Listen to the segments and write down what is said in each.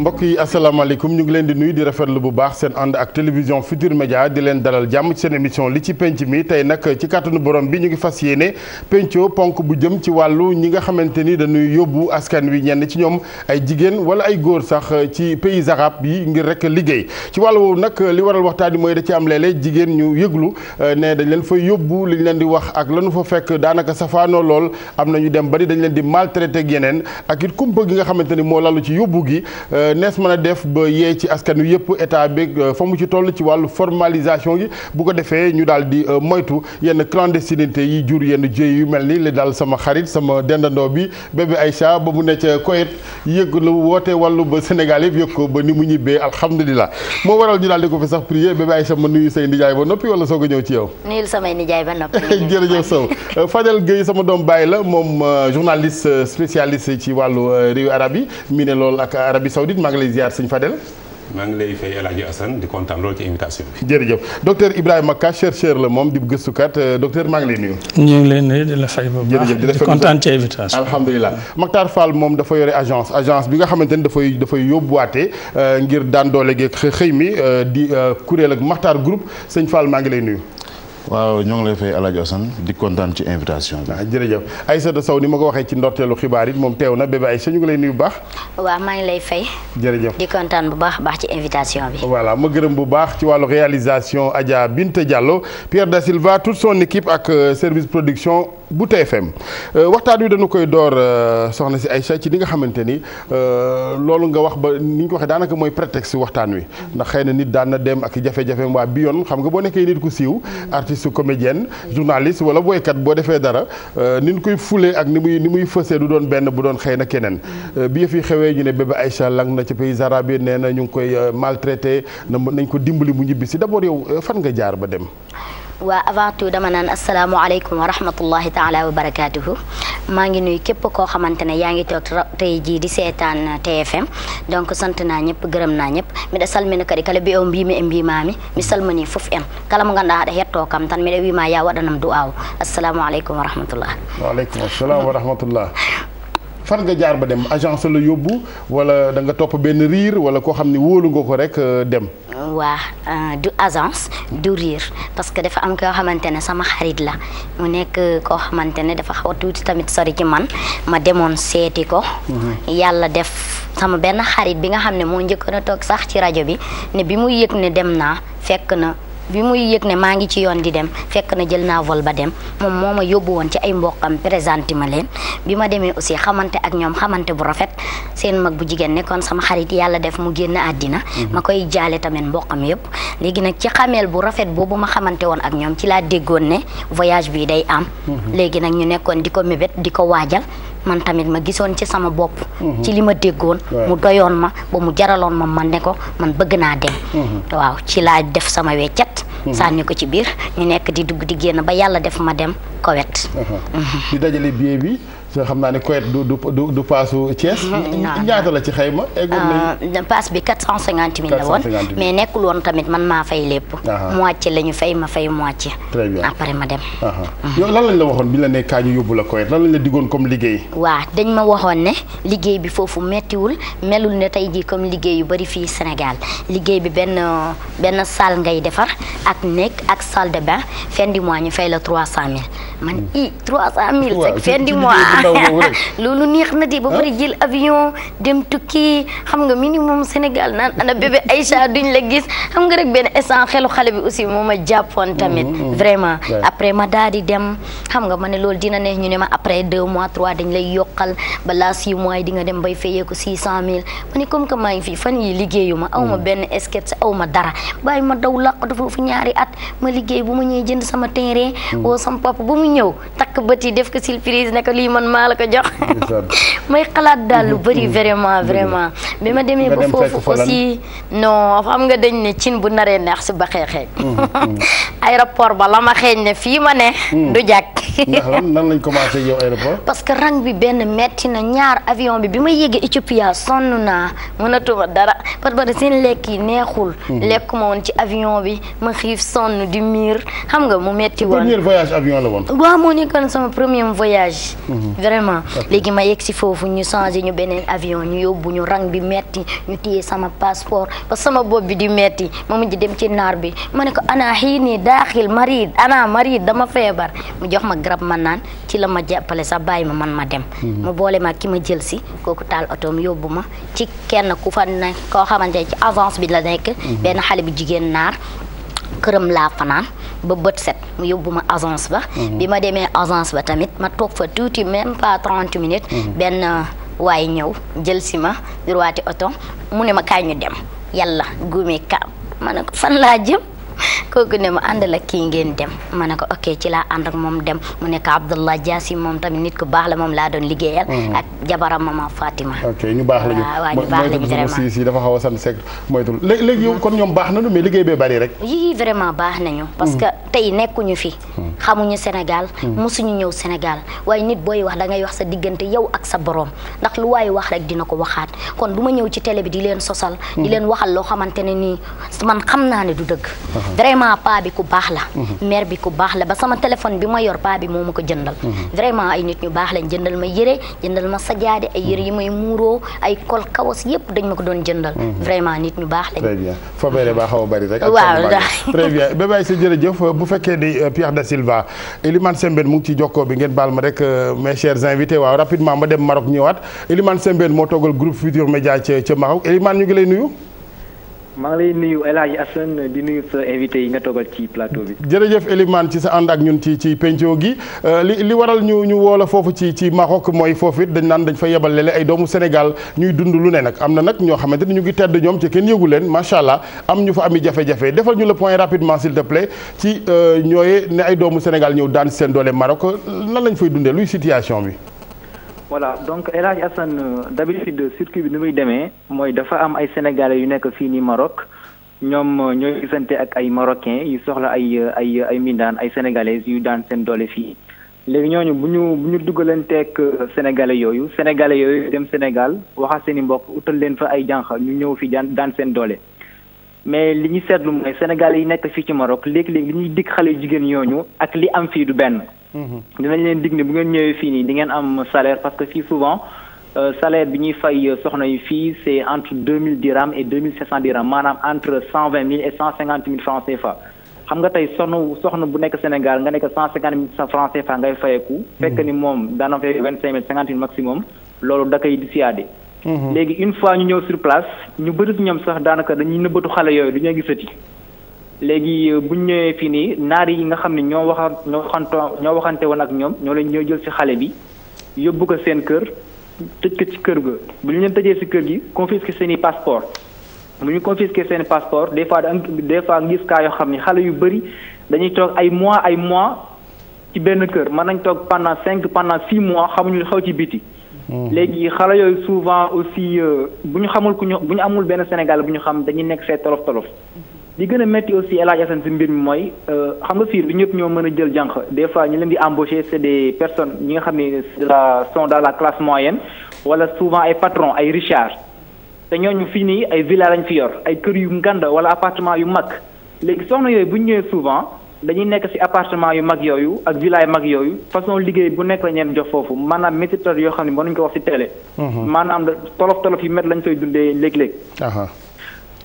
mbokk yi asalaamaaleykum ñu ngi leen di nuyu di rafetlu bu baax seen ànd ak télévision Futur Média di leen dalal jàmm ci seen émission li ci penc mi tey nag ci kàttanu borom bi ñu ngi fas yéene penco ponk bu jëm ci wàllu ñi nga xamante ni dañuy yóbbu askan wi ñenn ci ñoom ay jigéen wala ay góor sax ci pays arabes yi ngir rek liggéey ci wàll woowu nag li waral waxtaan bi mooy da ci am léeg jigéen ñu yëglu euh, ne dañ leen fa yóbbu li ñu leen di wax ak lanu fa fekk daanaka safaanoo lool am na ñu dem ba ni dañ leen di maltraité ak yeneen ak it kumpa gi nga xamante ni moo lalu ci yóbbu gi euh, nees mën a def ba yee ci askan wi yëpp état bi euh, fa mu ci toll ci wàllu formalisation yi bu ko defee ñu daal di euh, moytu yenn clandestinité yi jur yenn jéy yu mel ni li daal sama xarit sama dendandoo bi bébé Aïcha ba mu ne ca Koweït yëg lu woote wàllu ba Sénégal yëpp yëg ko ba ni mu ñibbee alhamdulilah moo waral ñu daal ko fi sax prier bébé Aïcha ma nuyu say nijaay ba noppi wala soo ko ñëw ci yow. nuyul samay nijaay ba noppi. jërëjëf Sow euh, Fadel Gueye sama doom bàyyi la moom journaliste spécialiste ci wàllu réewu arab yi mi ne maa ngi lay ziar sëñ Fadel. maa ngi lay fay El Hadj di kontaan loolu ci invitation bi. jërëjëf docteur Ibrahima Ka chercheur la moom di gëstukat euh, docteur maa ngi lay nuyu. ñu ngi lay nuyu di la fay bu baax di kontaan ci invitation alhamdulilah Makhtar Fall moom dafa yore agence agence bi nga xamante ni dafay dafay yóbbuwaate euh, ngir daan doole geeg xëy mi euh, di kuréel ak Makhtar group sëñ Fall maa ngi lay nuyu. waaw ñoo ngi lay fay El Hadj Assane di kontaan ci invitation bi. waaw ah, jërëjëf Aïssata Sow ni ma ko waxee ci ndorteelu xibaar yi moom teew na bébé Aïssa ñu ngi lay nuyu bu baax. waaw maa ngi lay fay. jërëjëf di kontaan bu baax baax ci invitation bi. voilà ma gërëm bu baax ci wàllu réalisation Adja Binte Diallo Pierre Da Silva toute son équipe ak euh, service production. bu TFM euh, waxtaan wi dañu koy door euh, soxna si Aïcha ci li nga xamante ni euh, loolu nga wax ba ni ko waxee daanaka mooy prétexte waxtaan wi ndax xëy na nit daan na dem ak jafe-jafeem waa bi yoon xam nga boo nekkee nit ku siiw artiste comédienne journaliste wala boykat boo defee dara ni ñu koy fulee ak ni muy ni muy fësee du doon benn bu doon xëy na keneen bi yëf yi xewee ñu ne bébé Aïcha lang na ci pays arabe yi nee na ñu ngi koy maltraité nañ ko dimbali mu ñibbi si d'abord yow fan nga jaar ba dem waa avant tout dama naan asalaamaaleykum wa rahmatullahi taala wa barakaatuhu maa ngi nuyu képp koo xamante ne yaa ngi toog tey jii di seetaan uh, TFM donc sant naa ñëpp gërëm naa ñëpp miɗa salmina kadi kala mbiyo mbimi e mbimami mi salmini foof en kala mo ganduɗa haɗa hetto kam tan miɗa wima ya waɗanam du'aw assalamu aleykum wa rahmatullah waaleykum assalam fan nga jaar ba dem agence la yóbbu wala da nga topp benn riir wala koo xam ne wóolu nga ko rek euh, dem. waa euh, du agence du riir parce que dafa am koo xamante ne sama xarit la mu nekk euh, koo xamante ne dafa tuuti tamit sori ci man ma demoon seeti ko. Mhm. yàlla def sama benn xarit bi nga xam ne moo njëkkoon a toog sax ci rajo bi ne bi mu yëg ne dem naa fekk na. bi muy yëg ne maa ngi ci yoon di dem fekk na jël naa vol ba dem moom moo ma yóbbu woon ci ay mboqam présenté ma leen bi ma demee aussi xamante ak ñoom xamante bu rafet seen mag bu jigéen ne kon sama xarit yàlla def mu génn àddina mhm. ma koy jaale tamit mbokkam yëpp léegi nag ci xameel bu rafet boobu ma xamante woon ak ñoom ci laa déggoon ne voyage bii day am mhm. léegi nag ñu nekkoon di ko mébét di ko waajal man tamit ma gisoon ci sama bopp. Mhm. ci li ma déggoon. mu doyoon ma ba mu jaraloon ma man ne ko man bëgg naa dem. Mhm. waaw ci laa def sama weccet. Mhm. sànni ko ci biir ñu nekk di dugg di génn ba yàlla def ma dem kowet. Uh-huh. di dajale billet bi. so xam naa ne Koweït du du du du paasu Thiès. Mm-hmm. ñaata la ci xayma. eggoon nañu euh, paas bi 450 000 la woon. mais nekkul woon tamit man maa fay lépp. moitié la ñu fay ma fay moitié. ci bien ma dem. Mm-hmm. yow lan la waxoon bi la ne kaa ñu yóbbu la Koweït lan lañ la diggoon comme liggéey. waaw dañ ma waxoon ne liggéey bi foofu méttiwul melul ne tey jii comme liggéey yu bari fii Sénégal liggéey bi benn benn salle ngay defar ak néeg ak salle de bain fin ñu fay la 300000. man i 300000. waaw ndaw boobu rek. loolu neex na di ba pare jël avion dem tukki xam nga minimum Sénégal naan ana bébé Aïcha duñ la gis xam nga rek benn instant xelu xale bi aussi moom ma jàppoon tamit. Mm-hmm, mm-hmm. vraiment après ma daal di dem xam nga ma ne loolu dina ne ñu ne ma après deux mois trois dañ lay yokkal balaa six mois yi di nga dem bay fayee ko six cent mille ma ne comme que maa ngi fii fan yi liggéeyu ma aw ma mm-hmm. benn esquette aw ma dara bàyyi ma daw làqatu foofu ñaari at ma liggéey bu ma ñëwee jënd sama terrain woo sama papa mu ñëw maa la ko jox may xalaat daal lu mm-hmm. bëri vraiment mm-hmm. vraiment mm-hmm. bi ma demee ba foofu aussi non xam nga dañ ne cin bu naree neex si ba xeexee aéroport ba la ma xeeñ ne fii ma ne mm. du jàkk nan lañ commencé yow aéroport parce que rang bi benn metti na ñaar avion bi bi ma yéegee Éthiopia sonn naa mënatuma dara parce que da lekk yi neexul lekk ma woon ci avion bi ma xiif sonn di miir xam nga mu metti woon premier voyage avion la woon premier voyage vraiment léegi ma yegg si foofu ñu changé ñu beneen avion ñu yóbbu ñu rang bi metti ñu téye sama passeport ba sama bopp bi di metti ma mujj dem ci naar bi ma ne ko ana xii nii daaxil marid ana marid dama feebar mu jox ma garab ma naan ci la ma jàppale sa baay ma man ma dem mhm. mu boole ma ki ma jël si kooku taal otoom yóbbu ma ci kenn ku fa ne koo xamante ci avance bi la nekk mhm. benn xale bi jigéen naar këram laa fanaan ba bët set mu yóbbu ma agence ba mhm. bi ma demee agence ba tamit ma toog fa tuuti même pas trente minutes mhm. benn waaye ñëw jël si ma biir waati oto mu ne ma kaay ñu dem yàlla guumee ka ma ne fan laa jëm kooku ne ma àndal ak kii ngeen dem ma ne ko ok ci laa ànd ak moom dem mu nekk Abdallah Diassi moom tamit nit ku baax la moom laa doon liggéeyal. Mm-hmm. ak jabaram mama Fatima. ñu baax lañu waaw ñu baax lañu vraiment si si dafa a sant seeg moytul léegi léegi yow kon ñoom baax nañu mais liggéey bee bari rek. yii vraiment baax nañu. parce mm. que tey nekkuñu fi. Mm. xamuñu Sénégal. Mm. mosuñu ñëw senegal waaye nit booy wax da ngay wax sa diggante yow ak sa borom ndax lu waaye wax rek dina ko waxaat kon du ma ñëw ci télé bi di leen sosal. di leen waxal loo xamante ne nii man xam naa ne du dëgg vraiment paa bi ku baax la mhm. mère bi ku baax la ba sama téléphone bi ma yor paa bi moo ma ko jëndal mhm. vraiment ay nit ñu baax lañ jëndal ma yëre jëndal ma sajaade ay yëre yi may muuroo ay kol kawas yëpp dañ ma ko doon jëndal mhm. vraiment nit ñu baax lañ fobeere baa xaw a bari rek waaw très bien bébay sa jërëjëf bu fekkee ni euh, Pierre da Silva Elimane Sembène mu ngi ci jokkoo bi ngeen baal ma rek euh, mes chers invités waaw rapidement ma dem Maroc ñëwaat Elimane sembeen moo toogal groupe Futur Média ca ca ngi lay nuyu maa ngi lay nuyu El Hadj Assane di nuyu sa invité yi nga toogal ci plateau bi. jërëjëf Elimane ci sa ànd ak ñun ci ci penco gi euh, li li waral ñu ñu woolo foofu ci ci Maroc mooy foofu it dañ naan dañ fa yebal léeg ay doomu Sénégal ñuy dund lu ne nag am na nag ñoo xamante ni ñu ngi tedd ñoom ci kenn yëgu leen macha allah am ñu fa ami jafe-jafe defal ñu le point rapidement s'il te plaît ci euh, ñooyee ne ay doomu Sénégal ñëw daan seen doole Maroc lan lañ fay dundee luy situation bi. voilà donc El Hadj Assane euh, d'habitude circuit bi ni muy demee mooy dafa am ay sénégalais yu nekk fii nii Maroc ñoom euh, ñooy gisante ak ay marocains yu soxla ay euh, ay ay mindaan ay sénégalais yu daan seen doole fii léegi ñooñu bu ñu bu ñu dugalanteeg sénégalais yooyu sénégalais yooyu dem Sénégal waxa seen i mbokk utal leen fa ay jànq ñu ñëw fii daan daan seen doole. mais li ñu seetlu mooy sénégalais yi nekk fii ci Maroc léegi-léegi li ñuy dig xale jigéen ñooñu ak li am fii du benn. Mhm. dinañ leen dig ne bu ngeen ñëwee fii nii di ngeen am salaire parce que fii souvent euh, salaire bi ñuy fay euh, soxna yi fii c' est entre deux mille dirham et deux mille cinq cent dirham maanaam entre cent vingt mille et cent cinquante mille francs CFA. xam nga tey soxna bu nekk Sénégal nga nekk cent cinquante mille francs CFA ngay fayeku. Mhm. moom daanaka vingt cinq mille loolu da koy di Mhm. léegi une fois ñu ñëw sur ñu bëri ñoom sax daanaka dañuy nëbbatu xale yooyu du ñoo gisati. léegi euh, bu ñu ñëwee fii nii naar yi nga xam ne ñoo waxa ñoo ñoo waxante woon ak ñoom ñoo leen ñoo jël si xale bi yóbbu ko seen kër tëj ko ci kër ga bu ñu leen tëjee si kër gi confisqué seen i passeport bu ñu confisqué seen i passeport des fois des fois ngis kaa yoo xam ni xale yu bëri dañuy toog ay mois ay mois ci benn kër mën nañ toog pendant cinq pendant six mois xamuñu xaw ci biti Mm-hmm. léegi xale yooyu souvent aussi euh, bu ñu xamul ku ñu bu ñu amul benn Sénégal bu ñu xam dañuy nekk se tolof tolof. Mm-hmm. li gën a métti aussi El Hadj Assane mbir mi mooy euh, xam nga fii du ñëpp ñoo mën a jël jànq des fois ñu leen di embaucher c'est des personnes ñi nga xam ne son sont dans la classe moyenne wala souvent ay patron ay Richard te ñooñu fii nii ay villa lañ fi yor ay kër yu ngande wala appartement yu mag léegi soxna yooyu bu ñëwee souvent. dañuy nekk ci appartement yu mag yooyu ak villa yu mag yooyu façon liggéey bu nekk la ñeen jox foofu maanaam métital yoo xam ne mënuñ ko wax ci télé. Mhm. maanaam tolof tolof yi met lañu koy dundee léeg-léeg.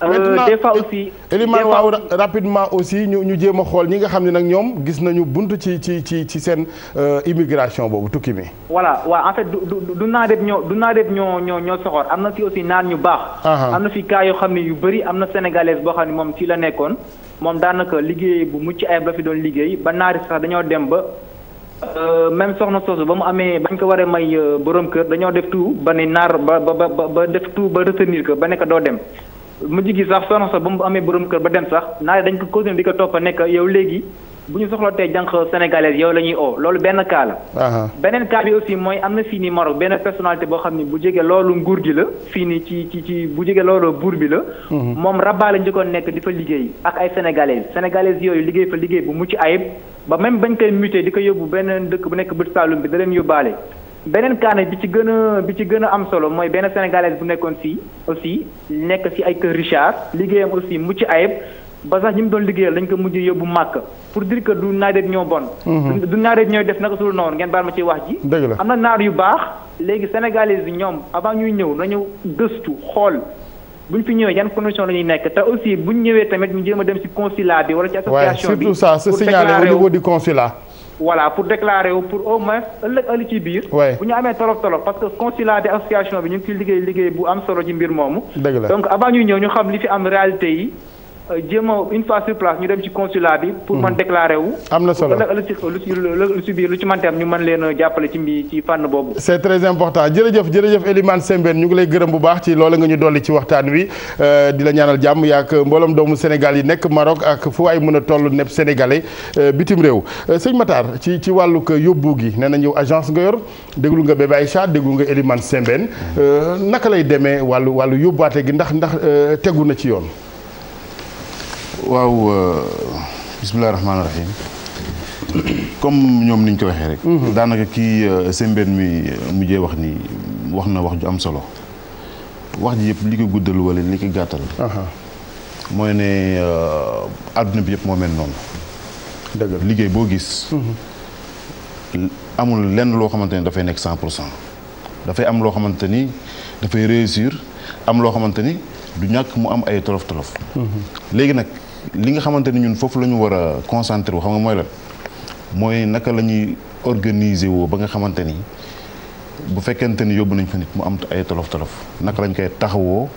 Euh, des fois aussi eh, Elimane waaw rapidement aussi ñu ñu jéem a xool ñi nga xam ne nag ñoom gis nañu bunt ci ci ci ci seen euh, immigration boobu tukki mi voilà waa en fait du du du naareeb ñoo du naareeb ñoo ñoo ñoo soxor am na fi aussi naan ñu baax am na fi cas yoo xam ne yu bëri am na sénégalaise boo xam ne moom fii la nekkoon moom daanaka liggéey bu mucc ay la fi doon liggéey ba naari sax dañoo dem ba euh, même soxna soosu ba mu amee bañ ko waree may euh, borom kër dañoo def tout ba ne naar ba ba ba def tout ba retenir ko ba nekk doo dem mujj gi sax soxna soosu ba mu amee borom kër ba dem sax naari dañ ko continuer di ko toppa nekk yow léegi bu ñu soxla tey jànq sénégalais yow la ñuy oo loolu benn cas la. beneen cas bi aussi mooy am na fii ni Maroc benn personnalité boo xam ni bu jege loolu nguur gi la fii ni ci ci ci bu jege loolu buur bi la. Mhm. moom Rabat la njëkkoon nekk di fa liggéey ak ay sénégalais sénégalais yooyu liggéey fa liggéey bu mucc ayib ba même bañ koy muté di ko yóbbu beneen dëkk bu nekk bët Saalum bi da leen yóbbaale. beneen kaane bi ci gën a bi ci gën a am solo mooy benn sénégalaise bu nekkoon fii aussi nekk si ay kër Richard liggéeyam aussi mucc ayib. ba sax ñi mu doon liggéeyal dañ ko mujj yóbbu màkk pour dire que du naar rek ñoo bon mhm. du naar ñooy def naka sul noonu ngeen baal ma ci wax ji am na naar yu baax léegi sénégalais yi ñoom avant ñuy ñëw nañu gëstu xool bu ñu fi ñëwee yan condition la nekk te aussi bu ñu ñëwee tamit ñu jéem a dem ci consulat bi wala ci association bi surtout ça se signaler au niveau du consulat voilà pour déclarer wu pour au moins ëllëg ëllëg ci biir bu ñu amee tolof tolof parce que consulat bi association bi ñu ngi liggéey liggéey bu am solo ci mbir moomu donc avant ñuy Euh, jéem a une fois sur place ñu dem ci consulat bi. pour man hmm. déclarer wu. am na solo lu ci lu ci biir lu ci am ñu mën leen jàppale ci mbi ci fànn boobu. c' très important jërëjëf jërëjëf Elimane Sembène ñu ngi lay gërëm bu baax ci loola nga ñu dolli ci waxtaan wi euh, di la ñaanal jàmm yaak mbooloom doomu Sénégal yi nekk Maroc ak fu ay mën a toll nepp sénégalais euh, bitim réew sëñ Matar ci ci wàllu ko yóbbu gi nee na ñëw agence nga yor déglu nga Bébé Aïcha déglu nga Elimane naka lay demee wàllu wàllu yóbbaate gi ndax ndax tegu na ci yoon waaw euh, bisimilah rahmaani rahim comme ñoom ni ko waxee rek. Mhm. daanaka kii euh, sembeen mi euh, mujjee wax nii wax na wax ju am solo wax ji yëpp li ko guddal wala li ko gàttal. mooy ne àdduna bi yëpp moo mel noonu. liggéey boo gis. Mhm. amul lenn loo xamante ni dafay nekk cent pour cent dafay am loo xamante ni dafay réussir am loo xamante ni du ñàkk mu am ay tolof tolof. Mhm. léegi nag. li nga xamante ni ñun foofu la ñu war a concentré wu xam nga mooy la mooy naka la ñuy organiser woo ba nga xamante ni bu fekkente ni yóbbu nañ fa nit mu am ay tolof tolof naka lañ koy taxawoo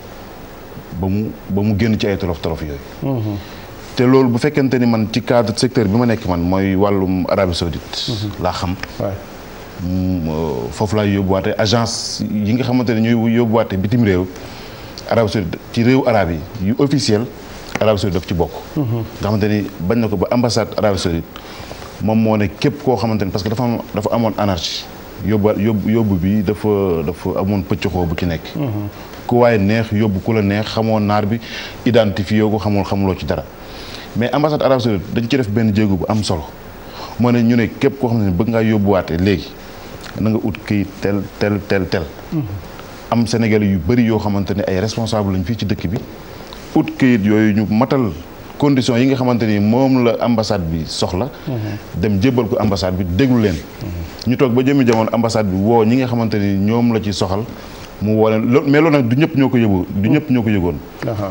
ba mu ba mu génn ci ay tolof tolof yooyu. Mm-hmm. te loolu bu fekkente ni man ci cadre secteur bi ma nekk man mooy wàllum Arabie Saoudite. Mm-hmm. laa xam. Mm, euh, foofu laay yóbbuwaate agence yi nga xamante ne ñooy yóbbuwaate bitim réew Arabie Saoudite ci réew arab yi yu officiel. Arabie Saoudite daf ci bokk. nga xamante ni bañ na ko ba ambassade Arabie Saoudite moom moo ne képp koo xamante ni parce que dafa dafa amoon anarchie yóbba yóbbu yóbbu bi dafa dafa amoon pëccëxoo bu ci nekk. ku waaye neex yóbbu ku la neex xamoo naar bi identifié ko xamuloo ci dara mais ambassade Arabie Saoudite dañ ci def benn jéego bu am solo moo ne ñu ne képp koo xam ne bëgg ngaa yóbbuwaatee léegi na nga ut kii tel tel tel tel. Mmh. am Sénégal yu bëri yoo xamante ne ay responsable lañ fii ci dëkk bi. ut këyit yooyu ñu matal condition yi nga xamante ni moom la ambassade bi soxla. Mhm. dem jébbal ko ambassade bi déglu leen. Mhm. ñu toog ba jëmi jamono ambassade bi woo ñi nga xamante ni ñoom la ci soxal. mu woo leen loolu mais loolu nag du ñëpp ñoo ko yëgu du ñëpp ñoo ko yëgoon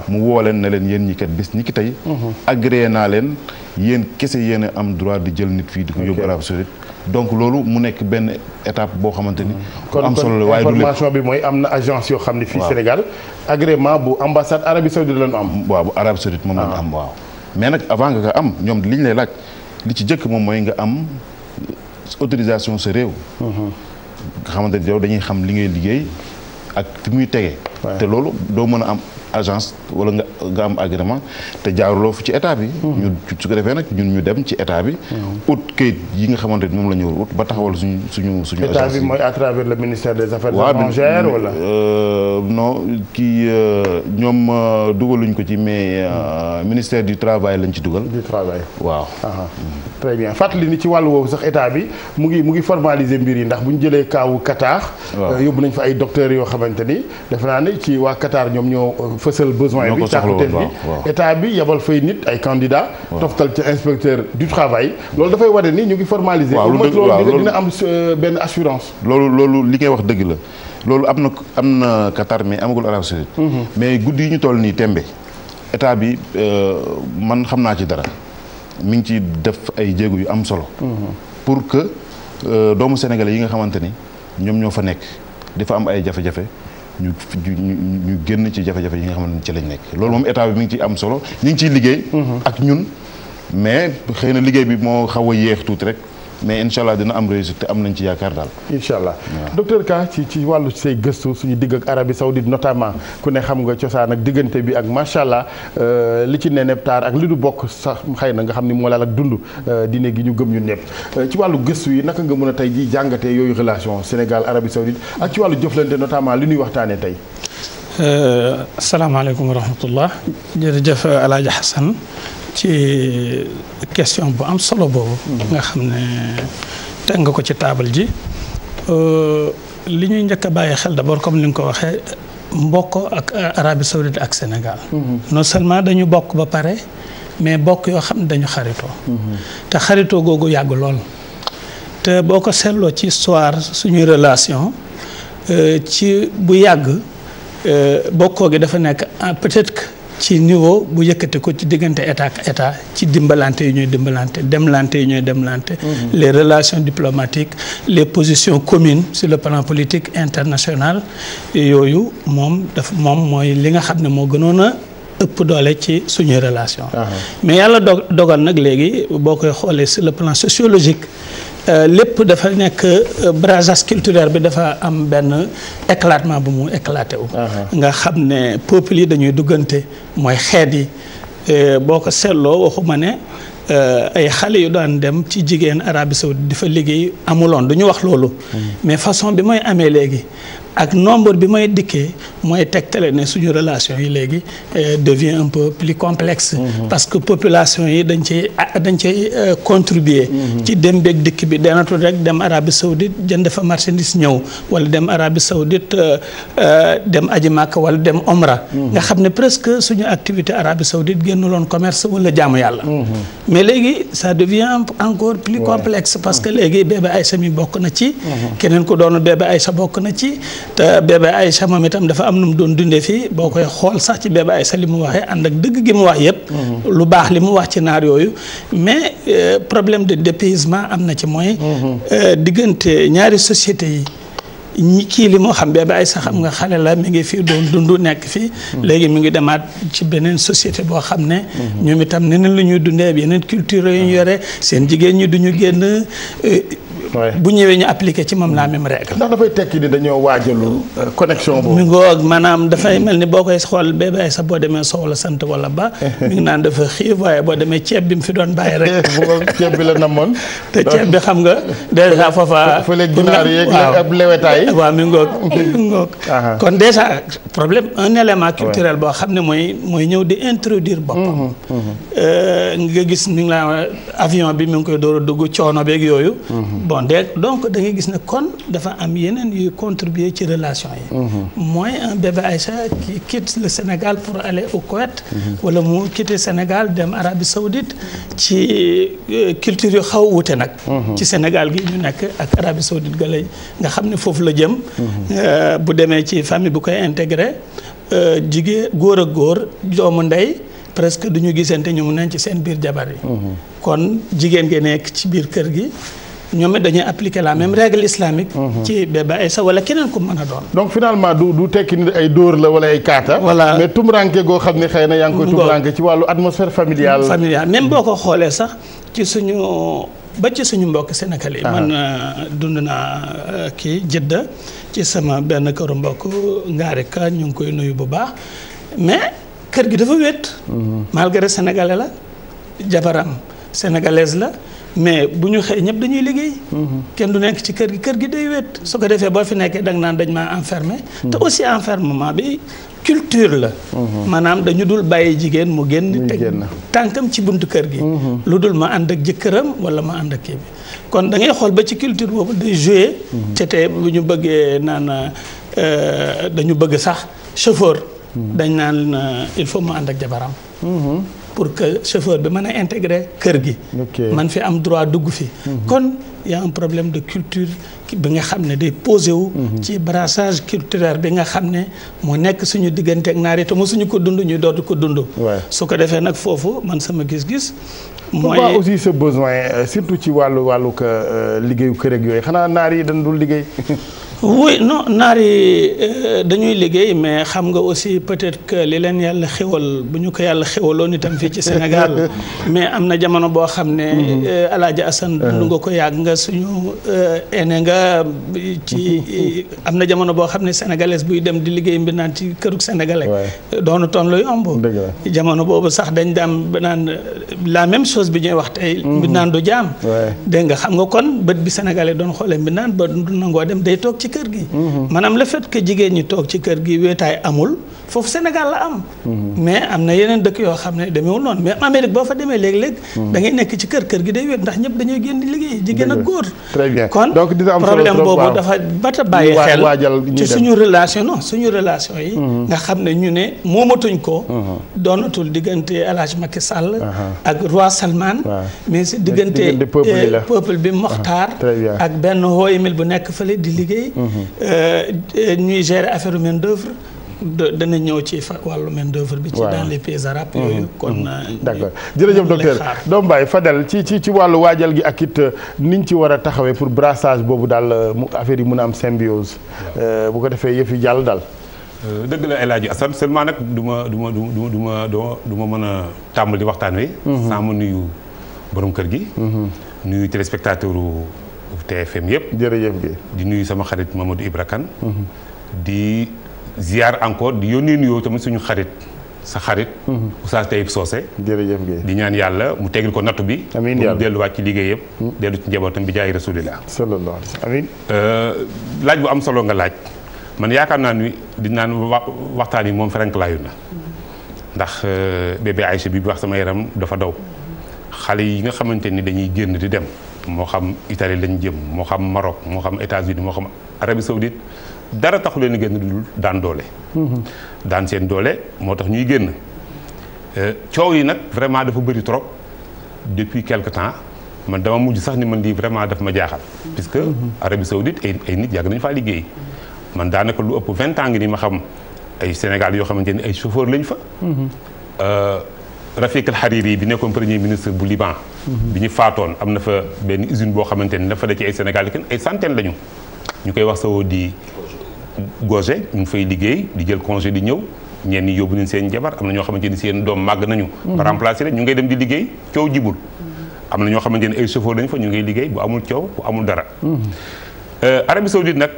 mu woo leen ne leen yéen ñi kat bis ñi ki tey mhm. agréé naa leen yéen kese yéen a am droit di jël nit fii di ko yóbbu Arabie Saoudite donc loolu mu nekk benn étape boo xamante ni. kon solo la waaye du information bi mooy am na agence yoo xam ne. fii Sénégal agrément bu ambassade Arabie Saoudite lañu am. waaw bu Arabie Saoudite moom lañu ah. am waaw. mais nag avant nga ko am ñoom li ñu lay laaj li ci jëkk moom mooy nga am autorisation sa réew. Mhm. nga xamante ni yow dañuy xam li ngay liggéey ak fi muy tege. te loolu doo mën a am. agence wala nga nga am agrément te jaaruloo fu ci état bi. Hmm. ñu su ko defee nag ñun ñu dem ci état bi. Hmm. ut kayit yi nga xamante ni moom la ñu war ut ba taxawal suñu suñu suñu. agence bi mooy à travers le ministère des affaires étrangères wala. Euh, non kii euh, ñoom euh, dugaluñ ko ci mais hmm. ministère du travail lañ ci dugal. du travail waaw. très bien fàttali ni ci wàllu woowu sax état bi mu ngi mu ngi formaliser mbir yi ndax bu ñu jëlee kaawu Qatar. Euh, yóbbu nañ fa ay docteurs yoo xamante ni defe naa ne ci waa Qatar ñoom ñoo euh, fësal besoin bi càkkutéef bi état bi yebal fay nit ay candidats. toftal ca inspecteur du travail. loolu dafay wane nii ñu ngi formaliser. waaw lu loolu dina am euh, benn assurance. loolu loolu li koy wax dëgg la loolu am na am na Qatar mais amagul mhm. mais guddi yi ñu toll nii tembe état bi man xam naa ci dara. mi ngi ci def ay jéego yu am solo. Mhm. pour que euh, doomu sénégalais yi nga xamante ni ñoom ñoo fa nekk dafa am ay jafe-jafe. ñu ñu ñu génn ci jafe-jafe yi nga xamante ne ci lañ nekk loolu moom état bi mi ngi ciy am solo ñu ngi ciy liggéey. Mhm. ak ñun mais xëy na liggéey bi moo xaw a yéex tuuti rek. mais incha allah dina am résultat te am nañ ci yaakaar daal. incha allah docteur Ka ci ci wàllu say gëstu suñu digg ak Arabie Saoudite notamment ku ne xam nga cosaan ak diggante bi ak macha euh, li ci ne nepp taar ak li du bokk sax xëy na nga xam ni moo laal ak dund euh, diine gi ñu gëm ñu nepp euh, ci wàllu gëstu yi naka nga mën a tey ji jàngatee yooyu relation Sénégal Arabie Saoudite ak ci wàllu jëflante notamment li ñuy waxtaanee tey. salaamaaleykum wa rahmatullah jërëjëf El Hadj Hassan ci question bu am solo boobu. Mm-hmm. nga xam ne teg nga ko ci taabal ji euh, li ñuy njëkk a bàyyi xel d'abord comme ni nga ko waxee mbokk ak Arabie Saoudite ak Sénégal. Mm-hmm. non seulement dañu bokk ba pare mais bokk yoo xam ne dañu xaritoo. Mm-hmm. te xaritoo googu yàgg lool. te boo ko seetloo ci histoire suñuy relation euh, ci bu yàgg euh, bokkoo gi dafa nekk ah, peut-être que ci niveau bu yëkkate ko ci diggante état ak état ci dimbalante yi ñooy dimbalante demlante yi ñooy demlante. Mhm. les relations diplomatiques les positions communes sur le plan politique international yooyu moom daf moom mooy li nga xam ne moo gënoon a ëpp doole ci suñuy relations mais yàlla dogal nag léegi boo koy xoolee sur le plan sociologique. Euh, lépp dafa nekk euh, brassage culturel bi dafa am benn éclatement bu mu éclaté wu. Ah, ah. nga xam ne peuples yi dañuy duggante mooy xeet yi e boo ko seetloo waxuma ne. ay xale yu daan dem ci jigéen Arabie Saoudite dafa liggéey amuloon du ñu wax loolu hmm. mais façon bi mooy amee léegi ak nombre bi may dikkee mooy tegtale ne suñu relation yi léegi euh, devient un peu plus complexe mm-hmm. parce que population yi dañ a dañ ciy euh, contribuer mm-hmm. ci dem beeg dikk bi denatul rek dem Arabie Saoudite jën fa marchandise ñëw wala dem Arabie Saoudite euh, dem aji Màkka wala dem Omra mm-hmm. nga xam ne presque suñu activité Arabie génn loon commerce wala jaamu yàlla mais léegi ça devient encore plus complexe parce que léegi bébé Aïssa mi bokk na ci keneen ko bokk na ci te bébé Aïcha moom itam dafa am nu mu doon dundee fii boo koy xool sax ci ay sax li mu waxee ànd ak dëgg gi mu wax yëpp. Mm-hmm. lu baax li mu wax ci naar yooyu mais euh, problème de dépaysement am na ci mooy. Mm-hmm. Euh, diggante ñaari société yi. ñi kii li moo xam bébé ay sax xam nga xale la mi ngi fii doon dund nekk fii mm-hmm. léegi mi ngi demaat ci beneen société boo xam ne ñoom itam neneen la ñuy dundee yeneen culture yu ñu yore seen jigéen ñi duñu génn bu ñëwee ñu appliqué ci moom la même règle. ndax dafay tekki ni dañoo waajalul euh, connexion boobu. mi ngoog manaam dafay mel ni boo koy xool bee bàyyi sax boo demee Sow la sant wala ba. mi ngi naan dafa xiif waaye boo demee ceeb bi mu fi doon bàyyi rek. ceeb bi la namoon. te ceeb xam nga dèjà foofa. fële ginaar yeeg ab lewetaay. waaw mi ngoog kon dèjà problème un boo xam ne mooy mooy ñëw di introduire boppam. Mm-hmm, mm-hmm. Euh, nga gis mi ngi laa avion bi mu ngi koy door a dugg coono beeg yooyu. Mm-hmm. bon de donc da ngay gis ne kon dafa am yeneen yuy contribuer ci relation yi mhm. mooy un bébé Aïcha qui quitte le Sénégal pour aller au quoit mhm. wala mu quitte Sénégal dem Arabie Saoudite ci euh, culture yu xaw wute nag mhm. ci Sénégal gi ñu nekk ak Arabie Saoudite gale nga xam ne foofu la jëm euh, bu demee ci famille bu koy intégré euh, jigéen góor a góor doomu ndey presque duñu ñu gisante ñu mu nañ ci seen biir jabar yi kon jigéen gi nekk ci biir kër gi ñoom it dañuy appliquer la même règle islamique. ci Bébé Aïssa wala keneen ku mën a doon. donc finalement du tekki ni ay dóor la wala ay kaata. voilà mais tumuraanke goo xam ne xëy na yaa ngi koy. tumuraanke ci wàllu atmosphère familiale. familiale même boo ko xoolee sax ci suñu ba ci suñu mbokk sénégalais. Ah. man euh, dund naa euh, kii jëdda ci sama benn këru mbokk ngaarika ñu ngi koy nuyu bu baax mais kër gi dafa wéet. Mhm. malgré sénégalais la jabaram sénégalaise la. mais bu ñu xëy ñëpp dañuy liggéey. Mhm. kenn du nekk ci kër gi kër gi day wéet su ko defee boo fi nekkee da naan dañ maa enfermé. te mhm. aussi enfermement bi culture la. Mhm. maanaam dañu dul bàyyi jigéen mu génn. teg tànkam ci buntu kër gi. lu dul ma ànd ak jëkkëram wala ma ànd ak kii kon dangay xool ba ci culture boobu day joué. te tey bu ñu bëggee naan euh, dañu bëgg sax chauffeur. dañ naan euh, il faut mu ànd ak jabaram. pour que chauffeur bi mën a intégrer kër gi. man fi am droit dugg fi. Mhm. kon y a un problème de culture bi nga xam ne di posé wu. Mhm. ci brassage culturel bi nga xam ne moo nekk suñu diggante ak naar yi te mosuñu ko dund ñu dootu ko dund. su ko defee nag foofu man sama gis-gis. mooy aussi ce besoin euh, surtout ci wàllu wàllu euh, liggéeyu kër ak yooyu xanaa naar yi dañ dul liggéey. oui no naar yi euh, dañuy liggéey mais xam nga aussi peut-être que li leen yàlla xéwal bu ñu ko yàlla xéwaloon itam fii ci Sénégal mais am na jamono boo xam ne mm-hmm. euh, Alaaji Asan ah. dund ko yàgg nga suñu ene euh, nga ci mm-hmm. am na jamono boo xam ne sénégalais buy dem di liggéey mbi naan ci kërug sénégalais doonu toon lu yomb jamono boobu sax dañ daam bi naan la même chose bi ñuy wax tey mbi mm-hmm. naan du jaam dégg nga xam nga kon bët bi sénégalais doon xoolee mbi ba du nangoo dem day toog ci kër gi maanaam le fait que jigéen ñi toog ci kër gi weetaay amul foofu Sénégal la am. mais am na yeneen dëkk yoo xam ne demeewul noonu mais Amérique boo fa demee léeg-léeg. Hmm. da ngay nekk ci kër kër gi day wéet ndax ñëpp dañuy génn liggéey jigéen ak góor. très bien donc am solo trop problème boobu dafa ba ta bàyyi xel ci suñu relation non suñu relation yi. Hmm. nga xam ne ñu ne moomatuñ ko. Hmm. doonatul diggante El Hadj Macky Sall. Uh-huh. ak roi Salman. mais si diggante eh, peuple bi Mokhtar. Ah, ak benn hooy mil bu nekk fa fële di liggéey. Euh, ñuy gérer affaire main d'œuvre. dana ñëw ci wàllu main d'œuvre bi. ci dans les pays mm-hmm. yooyu kon. Mm-hmm. Euh, d'accord jërëjëf docteur doom baay Fadel ci ci ci wàllu waajal gi ak it euh, niñ ci war a taxawee pour brassage boobu daal euh, mu affaire yi mun a am symbiose. bu ko defee yëf jàll daal. dëgg la El Hadji Assane seulement nag duma duma du ma ma du du ma mën a tàmbali waxtaan wi. Mm-hmm. sans ma nuyu borom kër gi. nuyu téléspectateur TFM yëpp. jërëjëf di nuyu sama xarit Mamadou Ibra Kane di. ziar encore di yónnee nuyoo tamit suñu xarit sa xarit. Mm-hmm. Oustaz te Socé. jërëjëf di ñaan yàlla mu tegil ko nattu bi. amiin yàlla delluwaat ci liggéey yëpp. Mm-hmm. dellu ci njabootam bi jaay rasulillah. sallallahu alayhi amiin. Euh, laaj bu am solo nga laaj man yaakaar naa ni di naan waxtaan yi moom frank laayu na mm-hmm. ndax euh, bébé Aïcha bi wax sama yaram dafa daw xale yi nga xamante ni dañuy génn di dem moo xam Italie lañ jëm moo xam Maroc moo xam États-Unis moo xam Arabie Saoudite dara taxu leen génn dul daan doole. Mhm. daan seen doole moo tax ñuy génn euh, coow yi nag vraiment dafa bëri trop depuis quelque temps man dama mujj sax ni man lii vraiment daf ma jaaxal. puisque mhm. Arabie Saoudite ay ay nit yàgg nañu faa liggéey. man daanaka lu ëpp vingt ans ngi ni ma xam ay Sénégal yoo xamante ni ay chauffeur lañ fa. Mhm. Euh, Rafik El Hariri bi nekkoon premier ministre bu Liban. bi ñu faatoon am na fa benn usine boo xamante ni dafa da ci ay Sénégal ay centaines lañu ñu koy wax Saoudi. Gosé ñu ngi fay liggéey di jël congé di ñëw ñenn ñi yóbbu nañ seen jabar am na ñoo xam xamante ni seen doom màgg nañu ba mhm. remplacé leen ñu ngay dem di liggéey coow jibul mhm. am na ñoo xamante ni ay chauffeur lañ fa ñu ngay liggéey bu amul coow bu amul dara mhm. euh, Arabie Saoudite nag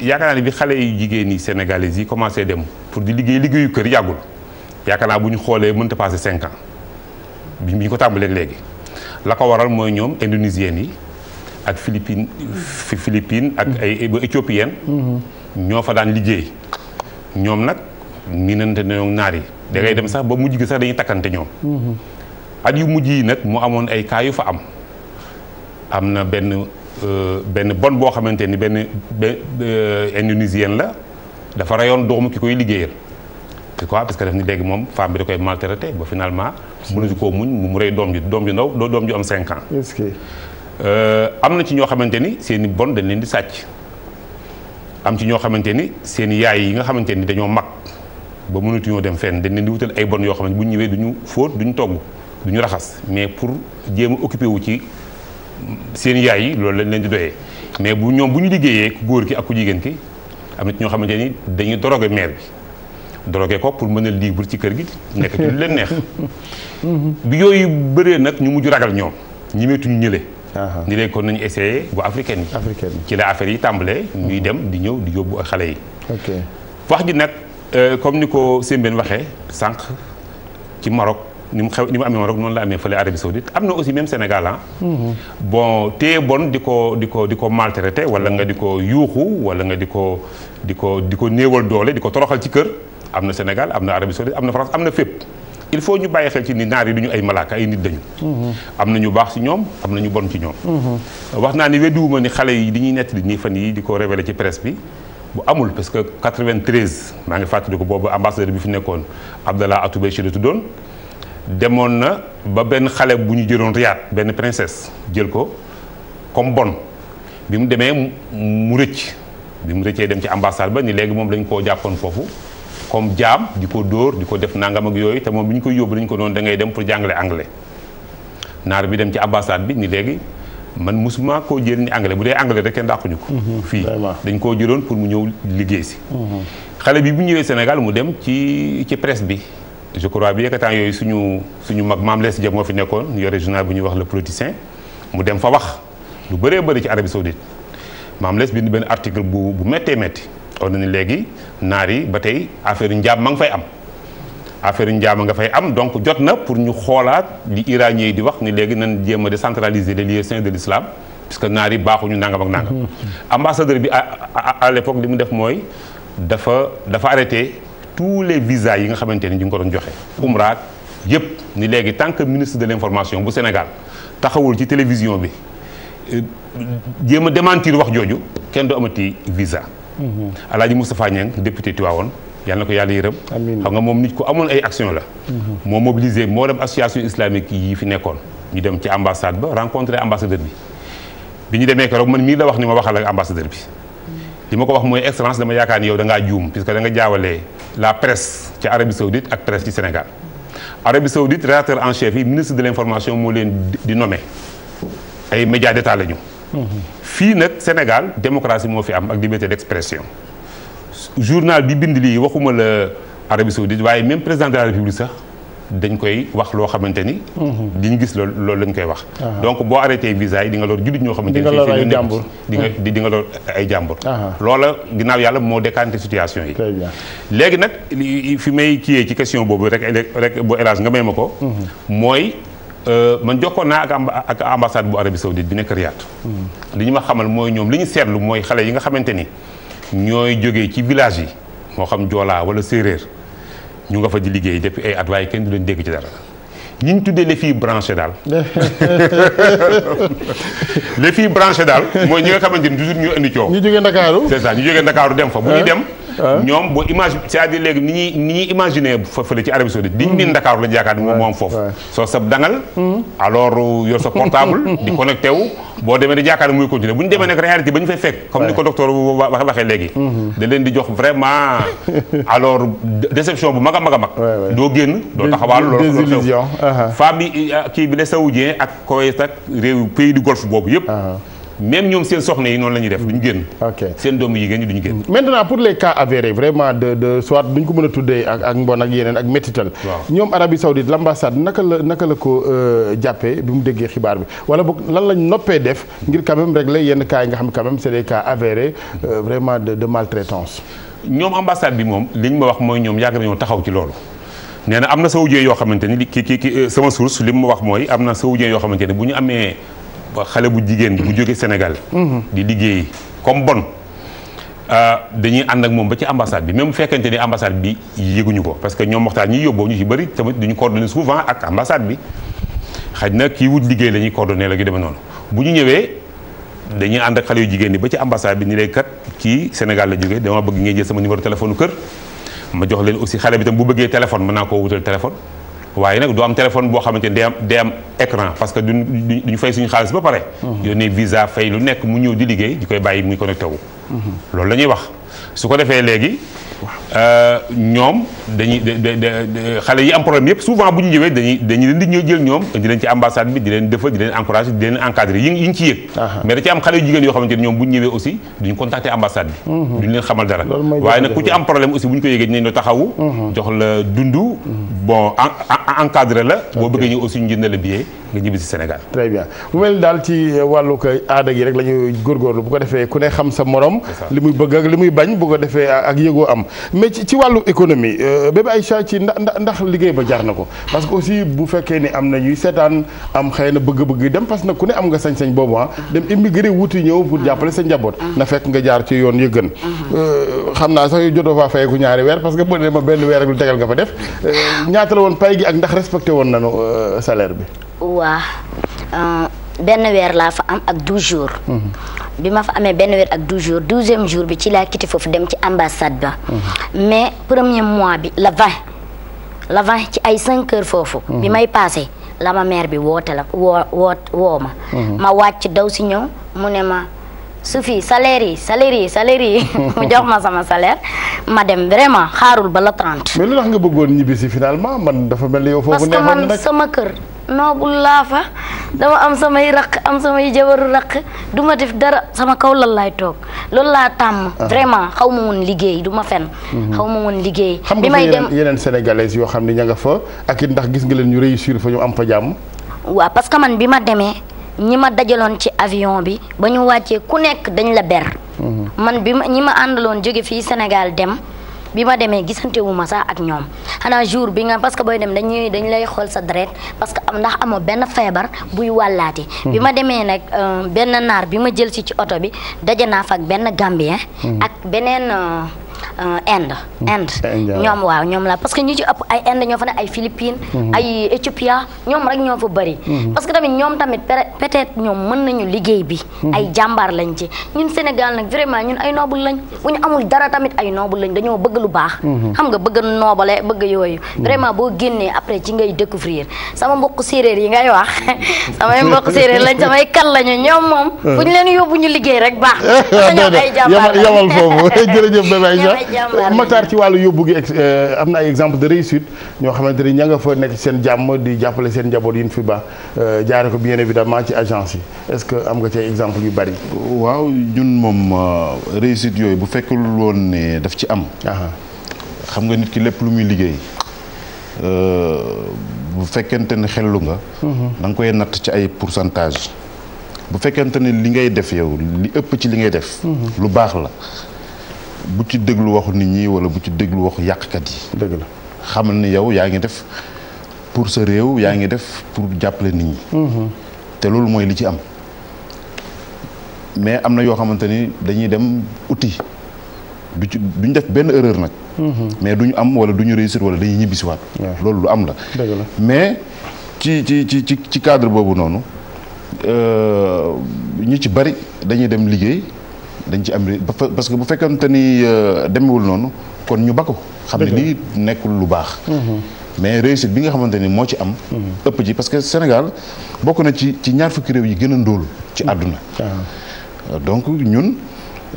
yaakaar naa ne bi xale yu jigéen yi sénégalais yi commencé dem pour di liggéey liggéeyu kër yàggul yaakaar naa bu ñu xoolee mënta passé cinq ans bi ñu ko tàmbalee léegi la ko waral mooy ñoom indonésiennes yi ak philippine philippine ak ñoo fa daan liggéey ñoom nag miinante nañoo naar yi da dem sax ba mujj gi sax dañuy takkante ñoom at yu mujj yi nag mu amoon ay cas yu fa am am na benn euh, benn bon boo xamante ni benn indonésien la dafa reyoon doomu ki koy liggéeyal pourquoi parce que daf ni léegi moom femme bi da koy maltraité ba finalement mënuñu koo muñ mu rey doom ji doom ju ndaw doo doom ju am cinq ans euh, am na ci ñoo xamante ni seeni i bon dañ leen di sàcc am ci ñoo xamante ni seen yaay yi nga xamante ni dañoo mag ba mënatuñoo dem fenn dañ leen di wutal ay bon yoo xam ne bu ñu ñëwee duñu fóot duñu togg duñu raxas mais pour jéem a wu ci seen yaay yi loolu lañ leen di doyee mais bu ñoom bu ñu liggéeyee ku góor ki ak ku jigéen ki am na ci ñoo xamante ni dañuy drogué mère bi drogué ko pour mën a libre ci kër gi nekk ñu leen neex bi yooyu bëree nag ñu mujj ragal ñoom ñimeetuñu ñële ni léegi kon nañu essayé bu africaine bi ci la affaire yi tàmbalee ñuy dem di ñëw di yóbbu ak xale yi wax ji nag euh, comme ni ko Sembène waxee sànq ci Maroc ni mu xew ni mu amee Maroc noonu la amee fële Arabie Saoudite am na aussi même Sénégal ah mhm. bon téye bon di ko di ko di ko maltraité wala nga di ko yuuxu wala nga di ko di ko di ko néewal doole di ko toroxal ci kër am na Sénégal am na Arabie Saoudite am na France am na fépp il faut ñu bàyyi xel ci ni naar yi duñu ñu ay malaaka ay nit dañu mm-hmm. am na ñu baax si ñoom am na ñu bon ci ñoom mm-hmm. wax naa ni weddiwuma ni xale yi di ñu ñuy nettali nii fan yi di ko révélé ci presse bi bu amul parce que 93 maa ngi fàttaliku boobu ambassadeur bi fi nekkoon Abdallah Atoubéchi la tuddoon demoon na ba benn xale bu ñu jëloon Riyad benn princesse jël ko comme bon bi mu demee mu rëcc bi mu rëccee dem ci ambassade ba ni léegi moom lañ koo jàppoon foofu comme jaam di ko dóor di ko def nangam ak yooyu te moom bi ñu koy yóbbu dañu ko doon da ngay dem pour jàngale anglais naar bi dem ci ambassade bi ni léegi man musuma koo jëriñ anglais bu dee anglais rek kenn ñu ko. Mhm, fii dañ koo jëloon pour mu ñëw liggéey si. Mhm. xale bi bu ñëwee Sénégal mu dem ci ci presse bi. je crois bi yëkkataan yooyu suñu suñu mag maam Lees Diop moo fi nekkoon yore journal bu ñuy wax le politicien mu dem fa wax lu bëree bëri ci Arabie Saoudite maam Lees bind benn article bu on na ni léegi naar yi ba tey affaire njaam ma nga fay am affaire njaam nga fay am donc jot na pour ñu xoolaat li iranien yi di wax ni léegi nan jéem a décentraliser les lieux saints de l'islam puisque naar yi baaxuñu nangam ak nangam. ambassadeur bi à l'époque li mu def mooy dafa dafa arrêté tous les visas yi nga xamante ni ñu ngi ko doon joxe. umraak yëpp ni léegi tant que ministre de l'information bu Sénégal taxawul ci télévision bi euh, jéem a démentir wax jooju kenn du amati Mm-hmm. alaaji Moustapha Niang député Tivaouane yàlla na ko yàlla yërëm xam nga moom nit ko amoon ay action la mm-hmm. moo mobilisé mboolem association islamique yi fi nekkoon ñu dem ci ambassade ba rencontré ambassadeur bi bi ñu demee keroog man mii la wax ni ma waxal ak ambassadeur bi mm-hmm. li ma ko wax mooy excellence dama yaakaar ni yow da ngaa juum puisque da nga jaawalee la presse ci Arabie Saoudite ak presse ci Sénégal Arabie Saoudite rédacteur en chef yi ministre de l'information moo leen di nommé ay médias d'État ñu fii nag Sénégal démocratie moo fi am ak liberté d'expression journal bi bind lii waxuma la Arabie Saoudite waaye même président de la République sax dañ koy wax loo xamante ni. Mhm. di ñu gis lool loolu lañ koy wax. Ah. donc boo arrêté visa yi di nga lor jullit ñoo xamante ni. di nga lor ay jàmbur di nga di nga lor ay jàmbur. Ah. loola ginnaaw yàlla moo décanté situation yi. léegi nag fi may yee ci question boobu rek rek bu nga may ma ko. Mhm. mooy. Euh, man jokkoon naa ak ak ambassade bu Arabie Saoudite bi nekk Riyad. Hmm. li ñu ma xamal mooy ñoom li ñu seetlu mooy xale yi nga xamante ni ñooy jógee ci village yi moo xam joolaa wala séeréer ñu nga fa di liggéey depuis ay at waaye kenn du leen dégg ci dara. ñi ñu tuddee les filles branchées daal les filles daal mooy ñi nga xamante ni toujours ñu indi coow. ñu jógee Ndakaaru c'est ça ñu jógee Ndakaaru dem fa bu ñuy dem. Ah. ñoom boo image c'est-à-dire léegi ni ñuy ni ñuy imaginer fa fële ci Arabie Saoudite diñ nin Dakar lañu yaakaar ni moom moom foofu soo sab dangal hmm. alors euh, yor sa portable di connecté boo demee di yaakaar ni muy continuer bu ñu demee nag réalité ba ñu fay fekk comme ni ko docteur waxee léegi hmm. da leen di jox vraiment alors déception bu mag a mag mag doo génn doo taxawaal loolu xew famille euh, kii bi la saoudien ak Koweït ak réew pays du golfe boobu yëpp même ñoom seen soxna yi noonu la ñuy def duñ génn. ok seen doomu jigéen ñi duñ génn. maintenant pour les cas avérés vraiment de soit duñ ko mën a tuddee ak ak mbon ak yeneen ak métital ñoom Arabie Saoudite l'ambassade naka la naka la ko euh, jàppee bi mu déggee xibaar bi wala boog lan lañ noppee def ngir quand même régler yenn cas yi nga xam ne quand même c'est des cas avérés euh, vraiment de de maltraitance. ñoom ambassade bi moom li ñu ma wax mooy ñoom yàgg nañoo taxaw ci loolu. nee am na saoudien yoo xamante ni ki ki ki euh, sama source li mu ma wax mooy am na saoudien yoo xamante ni bu ñu amee xale bu jigéen bu jógee Sénégal mhm. di liggéey comme bon euh, dañuy ànd ak moom ba ci ambassade bi même fekkente ni ambassade bi yëguñu ko parce que ñoom waxtaan ñi yóbboo ñu ci bëri tamit duñu coordonné souvent ak ambassade bi xaj na kii wut liggéey la ñuy coordonné la demee noonu bu ñu ñëwee dañuy ànd ak xale yu jigéen ñi ba ci ambassade bi ni lay kat kii Sénégal la jógee dama bëgg ngay jël sama numéro téléphone kër ma jox leen aussi xale bi tam bu bëggee téléphone mën naa koo wutal téléphone waaye nag du am téléphone boo xamante ne am de am écran parce que duñ duñ fay suñu xaalis ba pare. Mhm. yónnee visa fay lu nekk mu ñëw di liggéey di koy bàyyi muy connecté wu. Mhm. loolu la ñuy wax su ko defee léegi. Euh, ñoom dañuy xale yi dañuy jël ñoom di leen ci ambassade bi di leen defal di leen encouragé di leen encadré yi yi ci yëg mais da ci am xale yu jigéen yoo mhm. xamal dara waaye ku ci am problème aussi bu ñu ko yégee dinañ la taxawu mhm. jox la dund mhm. bon encadré la boo bëggee ñu aussi ñu jënd la billet nga ñibbi si Sénégal très bien daal ci wàllu ko aada gi rek la ñuy góorgóorlu bu ko defee ku ne xam sa morom li muy bëgg li muy bañ bu ko defee ak yëgoo mais ci ci wàllu économie euh, Bébé Aïcha ci ndax ndax liggéey ba jar na ko parce que aussi bu fekkee ni am na ñuy seetaan am xëy na bëgg-bëgg dem parce que ku ne am nga sañ-sañ boobu ah. ah dem immigré wuti ñëw pour jàppale sa njaboot ah. na fekk nga jaar ci yoon yu gën ah. euh, xam naa sax yu jotoo faa fayeeku ñaari weer parce que boo demee ma benn weer ak lu tegal nga fa def euh, ñaata la woon pay gi ak ndax respecté woon nañu salaire bi waaw benn weer laa fa am ak douze jours. Mhm. bi ma fa amee benn weer ak douze jours douzième jour bi ci laa quitté foofu dem ci ambassade ba. Mhm. mais premier mois bi la vingt ci ay cinq heures foofu. Mhm. bi may paase la ma mère bi woote la woo woo woo ma. ma wàcc daw si ñëw mu ne ma. su fi salaire yi salaire yi salaire yi mu jox ma sama salaire ma dem vraiment xaarul ba la trente. mais lu tax nga bëggoon ñibbisi finalement man dafa mel ni foofu neexoon nag sama kër. noobul laa fa dama am samay raq am samay jabaru raq du ma def dara sama kaw lan laay toog loolu laa tàmm. Ah. vraiment xaw ma woon liggéey du ma fen mhm. xaw ma woon liggéey. bi may dem xam nga fa yeneen sénégalaises yoo xam ne ña nga fa ak it ndax gis nga leen ñu réussir fa ñu am fa jàmm. waaw parce que man bi ma demee ñi ma dajaloon ci avion bi ba ñu wàccee ku nekk dañ la ber. Mhm. man bi ma ñi ma àndaloon jóge fii Sénégal dem. bi ma demee gisante wu ma sax ak ñoom xanaa jour bi nga parce que booy dem dañuy dañu lay xool sa deret parce que am ndax amoo benn feebar buy wàllaate hmm. bi ma demee nag euh, benn naar bi ma jël si ci oto bi daje naa fa ak benn Gambien hmm. ak beneen euh, Euh, hmm. Inde. Inde ñoom waaw ñoom la parce que ñu ci ëpp ay Inde ñoo fa ne ay Philippines. Hmm. ay Éthiopia ñoom rek ñoo fa bëri. Hmm. parce que tamit ñoom tamit peut-être ñoom mën nañu liggéey bi. ay jàmbaar lañ ci ñun Sénégal nag vraiment ñun ay noble lañ bu ñu amul dara tamit ay noble lañ dañoo bëgg lu baax. xam nga bëgg noobale bëgg yooyu. vraiment boo génnee après ci ngay découvrir sama mbokk séeréer yi ngay wax samay mbokk séeréer lañ samay kan lañu ñoom moom. bu ñu leen yóbbu rek dèjà Matar ci wàllu yóbbu gi euh, am na ay exemple de réussite ñoo xamante ni ña nga fa nekk seen jàmm di jàppale seen njaboot yi ñu fi ba euh, jaare ko bien évidemment ci agence yi est-ce que am nga ci exemple yu bari. waaw ñun moom euh, réussite yooyu bu fekkul woon ne daf ci am. xam nga nit ki lépp lu muy liggéey. bu fekkente ne xellu nga. Mhm. da nga koy natt ci ay pourcentage bu fekkente ne li ngay def yow li ëpp ci li ngay def. Mhm. lu baax la. bu ci déglu waxu nit ñi wala bu ci déglu waxu yàqkat yi. dëgg la xamal ni yow yaa ngi def pour sa réew yaa ngi def pour jàppale nit ñi. Mm-hmm. te loolu mooy li ci am. mais am na yoo xamante ni dañuy dem uti du ci duñ def benn erreur nag. Mm-hmm. mais duñu am wala ñu réussir wala dañuy ñibbisiwaat. loolu lu am la. dëgg la mais ci ci ci ci ci cadre boobu noonu euh, ñi ci bari dañuy dem liggéey. dañ ci am ba parce que bu fekkante ni euh, demewul noonu kon ñu ko xam ne lii nekkul lu baax mhm. mais réussite bi nga xamante ni moo ci am mhm. ëpp ci parce que Sénégal bokk na ci ci ñaar fukki réew yi gën a ndóol ci mhm. àdduna ah. donc ñun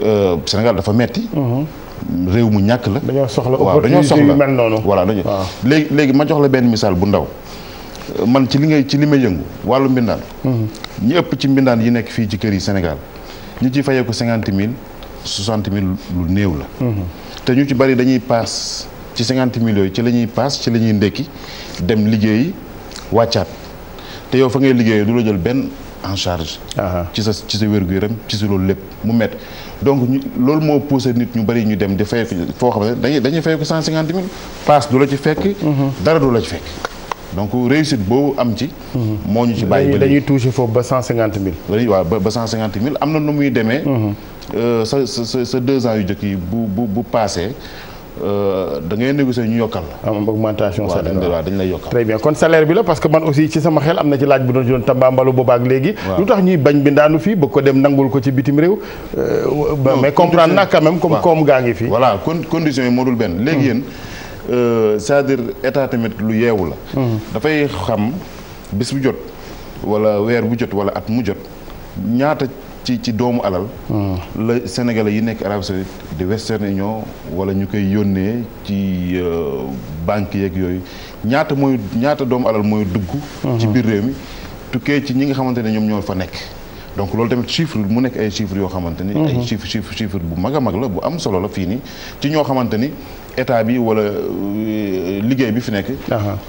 euh, Sénégal dafa metti réew mu ñàkk la dañoo soxla waaw dañoo soxla mel noonu voilà dañu léegi léegi ma jox la benn misaal bu ndaw euh, man ci li ngay ci li may yëngu wàllu mbindaan ñi ëpp ci mbindaan yi nekk fii ci kër yi Sénégal ñi ci fayeeku cinquante mille soixante mille lu néew la. te ñu ci bari dañuy paas ci cinquante mille yooyu ci la ñuy paas ci la ñuy ndekki dem liggéeyi wàccaat te yow fa ngay liggéeyee du la jël benn en charge. ci sa ci sa wér-gu-yaram ci sa loolu lépp mu métti donc ñu loolu moo poussé nit ñu bari ñu dem di fayeeku foo xam ne dañuy dañuy fayeeku cent cinquante mille paas du la ci fekk. Mhm. dara du la ci fekk. donc réussite boobu am ci. Mhm. moo ñu ci bàyyi ba dañuy touché foofu ba cent cinquante mille. dañuy waaw ba cent cinquante mille am na nu muy demee. Mhm. Euh, sa sa sa deux ans yu njëkk yi bu bu bu paasee. Euh, da ngay négocier ñu yokkal la. am augmentation salaire waaw dañ très bien kon salaire bi la parce que man aussi ci sama xel am na ci laaj bi doon doon tambaambalu boobaak léegi. lu tax ñuy bañ bi ndaanu fii bëgg ko dem nangul ko ci bitim réew. Euh, mais comprendre na quand même comme comme gaa ngi fii. voilà con conditions yi benn léegi hmm. yéen. Euh, cest à état tamit lu yeewu la. Mhm. dafay xam bis bu jot wala weer bu jot wala at mu jot ñaata ci ci doomu alal. Mhm. la sénégalais yi nekk Arabie Saoudite di Western Union wala ñu koy yónnee ci euh, banques yeeg yooyu ñaata mooy ñaata doomu alal mooy dugg. Mhm. ci biir réew mi tukkee ci ñi nga xamante ne ñoom ñoo fa nekk. donc loolu tamit chiffre mu nekk ay chiffres yoo xamante ni. Mhm. ay chiffre chiffre bu mag a mag la bu am solo la fii nii ci ñoo xamante ni état bi wala euh, liggéey bi fi nekk.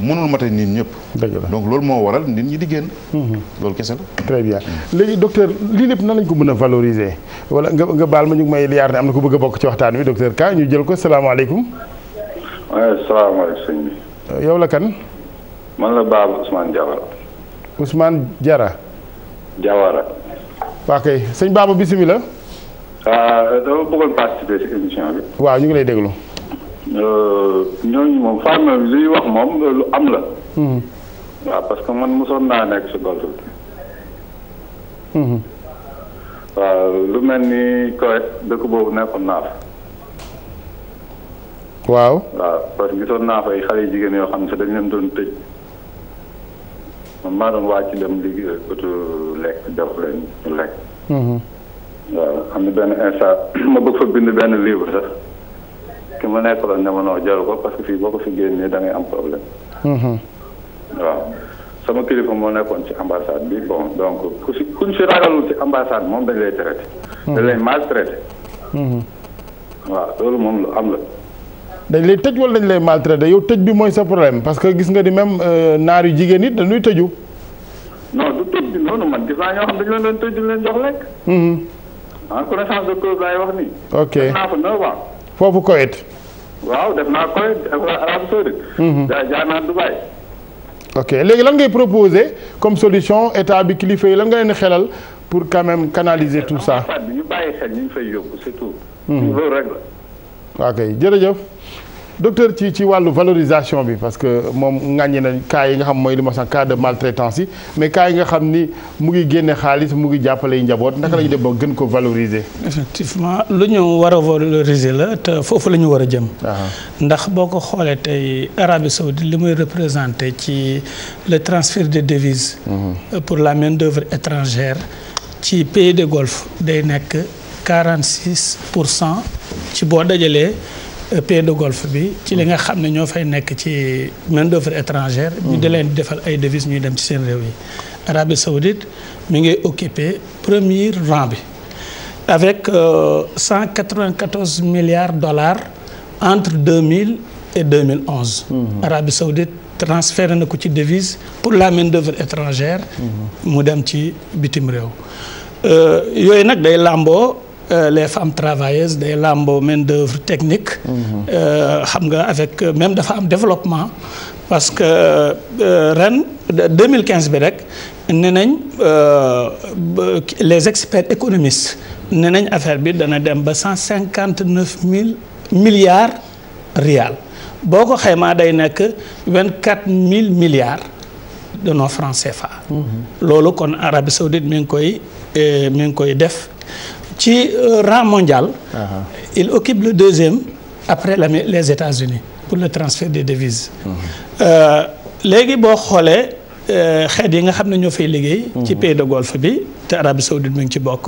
mënul mate nit ñëpp. dëgg la donc loolu moo waral nit ñi di génn. Mhm. loolu kese la. très bien léegi docteur lii lépp na lañ ko mën a valoriser wala nga nga baal ma ñu ngi may liyaar ne am na ko bëgg a bokk ci waxtaan wi docteur kaa ñu jël ko salaamaaleykum. maaleykum salaam sëñ bi. Euh, yow la kan. man waa kay sëñ Baba bisimilah. Ah, dama bëggoon participer ci émission bi. waaw ñu ngi lay déglu. Euh, ñooñu moom femme bi li wax moom lu am la. Hmm. waaw parce que man mosoon naa nekk si golf bi. Hmm. waaw lu mel ni Koweït dëkk boobu nekkoon naa fa. waaw. waaw parce gisoon naa fay xale yu jigéen yoo xam ne dañ leen doon tëj. man maa doon wàcc dem liggéey euh, utu lekk jox leen ñu lekk. Mhm. waaw am na benn instant ma bëgg fa bind benn livre sax ki ma nekkaloon ne ma noo jaru ko parce que fii boo ko fi génnee da ngay am problème. Mhm. waaw sama kilifa moo nekkoon ci ambassade bi bon donc ku si kuñ si ragalul ci ambassade moom dañ lay traité. Mhm. dañ lay maltraité. waaw loolu moom lu am la. dañ lay tëj wala dañ lay maltraité yow tëj bi mooy sa problème parce que gis nga di mem euh, naar yu jigéen it dañuy tëju. non du noonu man gis naa ñoo xam dañu leen doon tëj di leen jox lekk. Mm-hmm. Ah, foofu Koweït. waaw def naa Koweït def naa Arabie Saoudite. jaay mm-hmm. jaay léegi lan ngay proposer comme solution état bi kilifa yi lan nga leen xelal pour quand même canaliser tout ça. ñu bàyyi xel ñu fay yóbbu c'est tout. Mm-hmm. loolu rek la. docteur ci ci wàllu valorisation bi parce que moom ŋàññi nañ cas yi nga xam mooy li ma sax cas de maltraitance yi mais cas yi nga xam ni mu ngi génne xaalis mu ngi jàppale yi njaboot naka la ñu def ba gën ko valoriser. effectivement lu ñu war a valoriser la te foofu la ñu war a jëm. Ah. ndax boo ko xoolee tey Arabie Saoudite li muy représenté ci le transfert de devises. Mm-hmm. pour la main d'œuvre étrangère ci pays de Golfe day nekk quarante six pour cent ci boo dajalee. E pays de golfe bi ci li nga xam ne ñoo fay nekk ci main d'œuvre étrangère ñu di mm. leen defal ay devises ñuy dem ci seen réew yi Arabie Saoudite mi ngi occupé premier rang bi avec euh, cent quatre-vingt-quatorze milliards dollars entre deux mille et deux mille onze mm-hmm. Arabie Saoudite transféré na ko ci devise pour la main d'œuvre étrangère mm-hmm. mu dem ci bitim réew euh, yooyu nag day làmboo Euh, les femmes travailleuses day làmboo main d'œuvre technique. Mhm. Euh, xam nga avec euh, même dafa am développement. parce que ren 2015 bi rek nee nañ les experts économistes nee nañ affaire bi dana dem ba 159 mille milliards rial boo ko xaymaa day nekk 24 mille milliards de nos francs CFA. Mhm. loolu kon Arabie Saoudite mi ngi koy mi ngi koy def. ci euh, rang mondial. il occupe le deuxième après les États-Unis pour le transfert des devises. Mhm. Euh, léegi boo xoolee euh, xeet yi nga xam ne ñoo fay liggéey. Mhm. ci pays de golfe bi te Arabie Saoudite mi ngi ci bokk.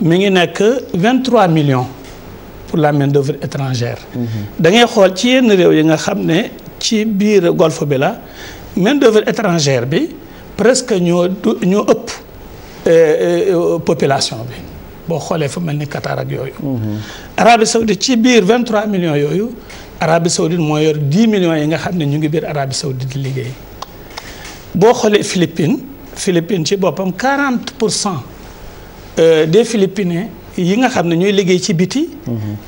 mi ngi nekk vingt trois millions pour la main d'œuvre étrangère. Mhm. da ngay xool ci yenn réew yi nga xam ne ci biir golfe bi la main d'œuvre étrangère bi presque ñoo ñoo ëpp population bi. boo xoolee fu mel ni Qatar ak yooyu. Arabie Saoudite ci biir 23 millions yooyu Arabie Saoudite moo yor 10 millions yi nga xam ne ñu ngi biir Arabie Saoudite di liggéey boo xoolee Philippines Philippines ci boppam 40 pour cent euh, des Philippines yi nga xam ne ñooy liggéey ci biti.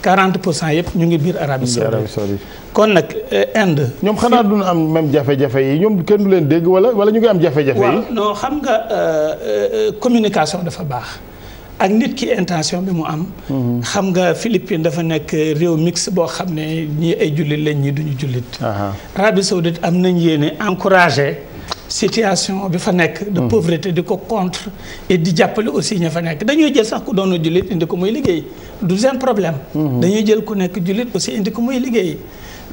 40 pour cent yëpp ñu ngi biir Arabie Saoudite kon nag euh, Inde. ñoom xanaa du ñu am même jafe-jafe yi ñoom kenn du leen dégg wala wala ñu ngi am jafe-jafe yi. waaw xam nga euh, communication dafa baax. ak nit ki intention bi mu am. Mhm. xam nga Philippines dafa nekk réew mix boo xam ne ñi ay jullit lañ ñii duñu jullit. Arabie Saoudite am nañ yéene encouragé. situation bi fa nekk. de mhm. pauvreté di ko contre et di jàppale aussi ña fa nekk dañuy jël sax ku doon jullit indi ko muy liggéey du seen problème. Mhm. dañuy jël ku nekk jullit aussi indi ko muy liggéey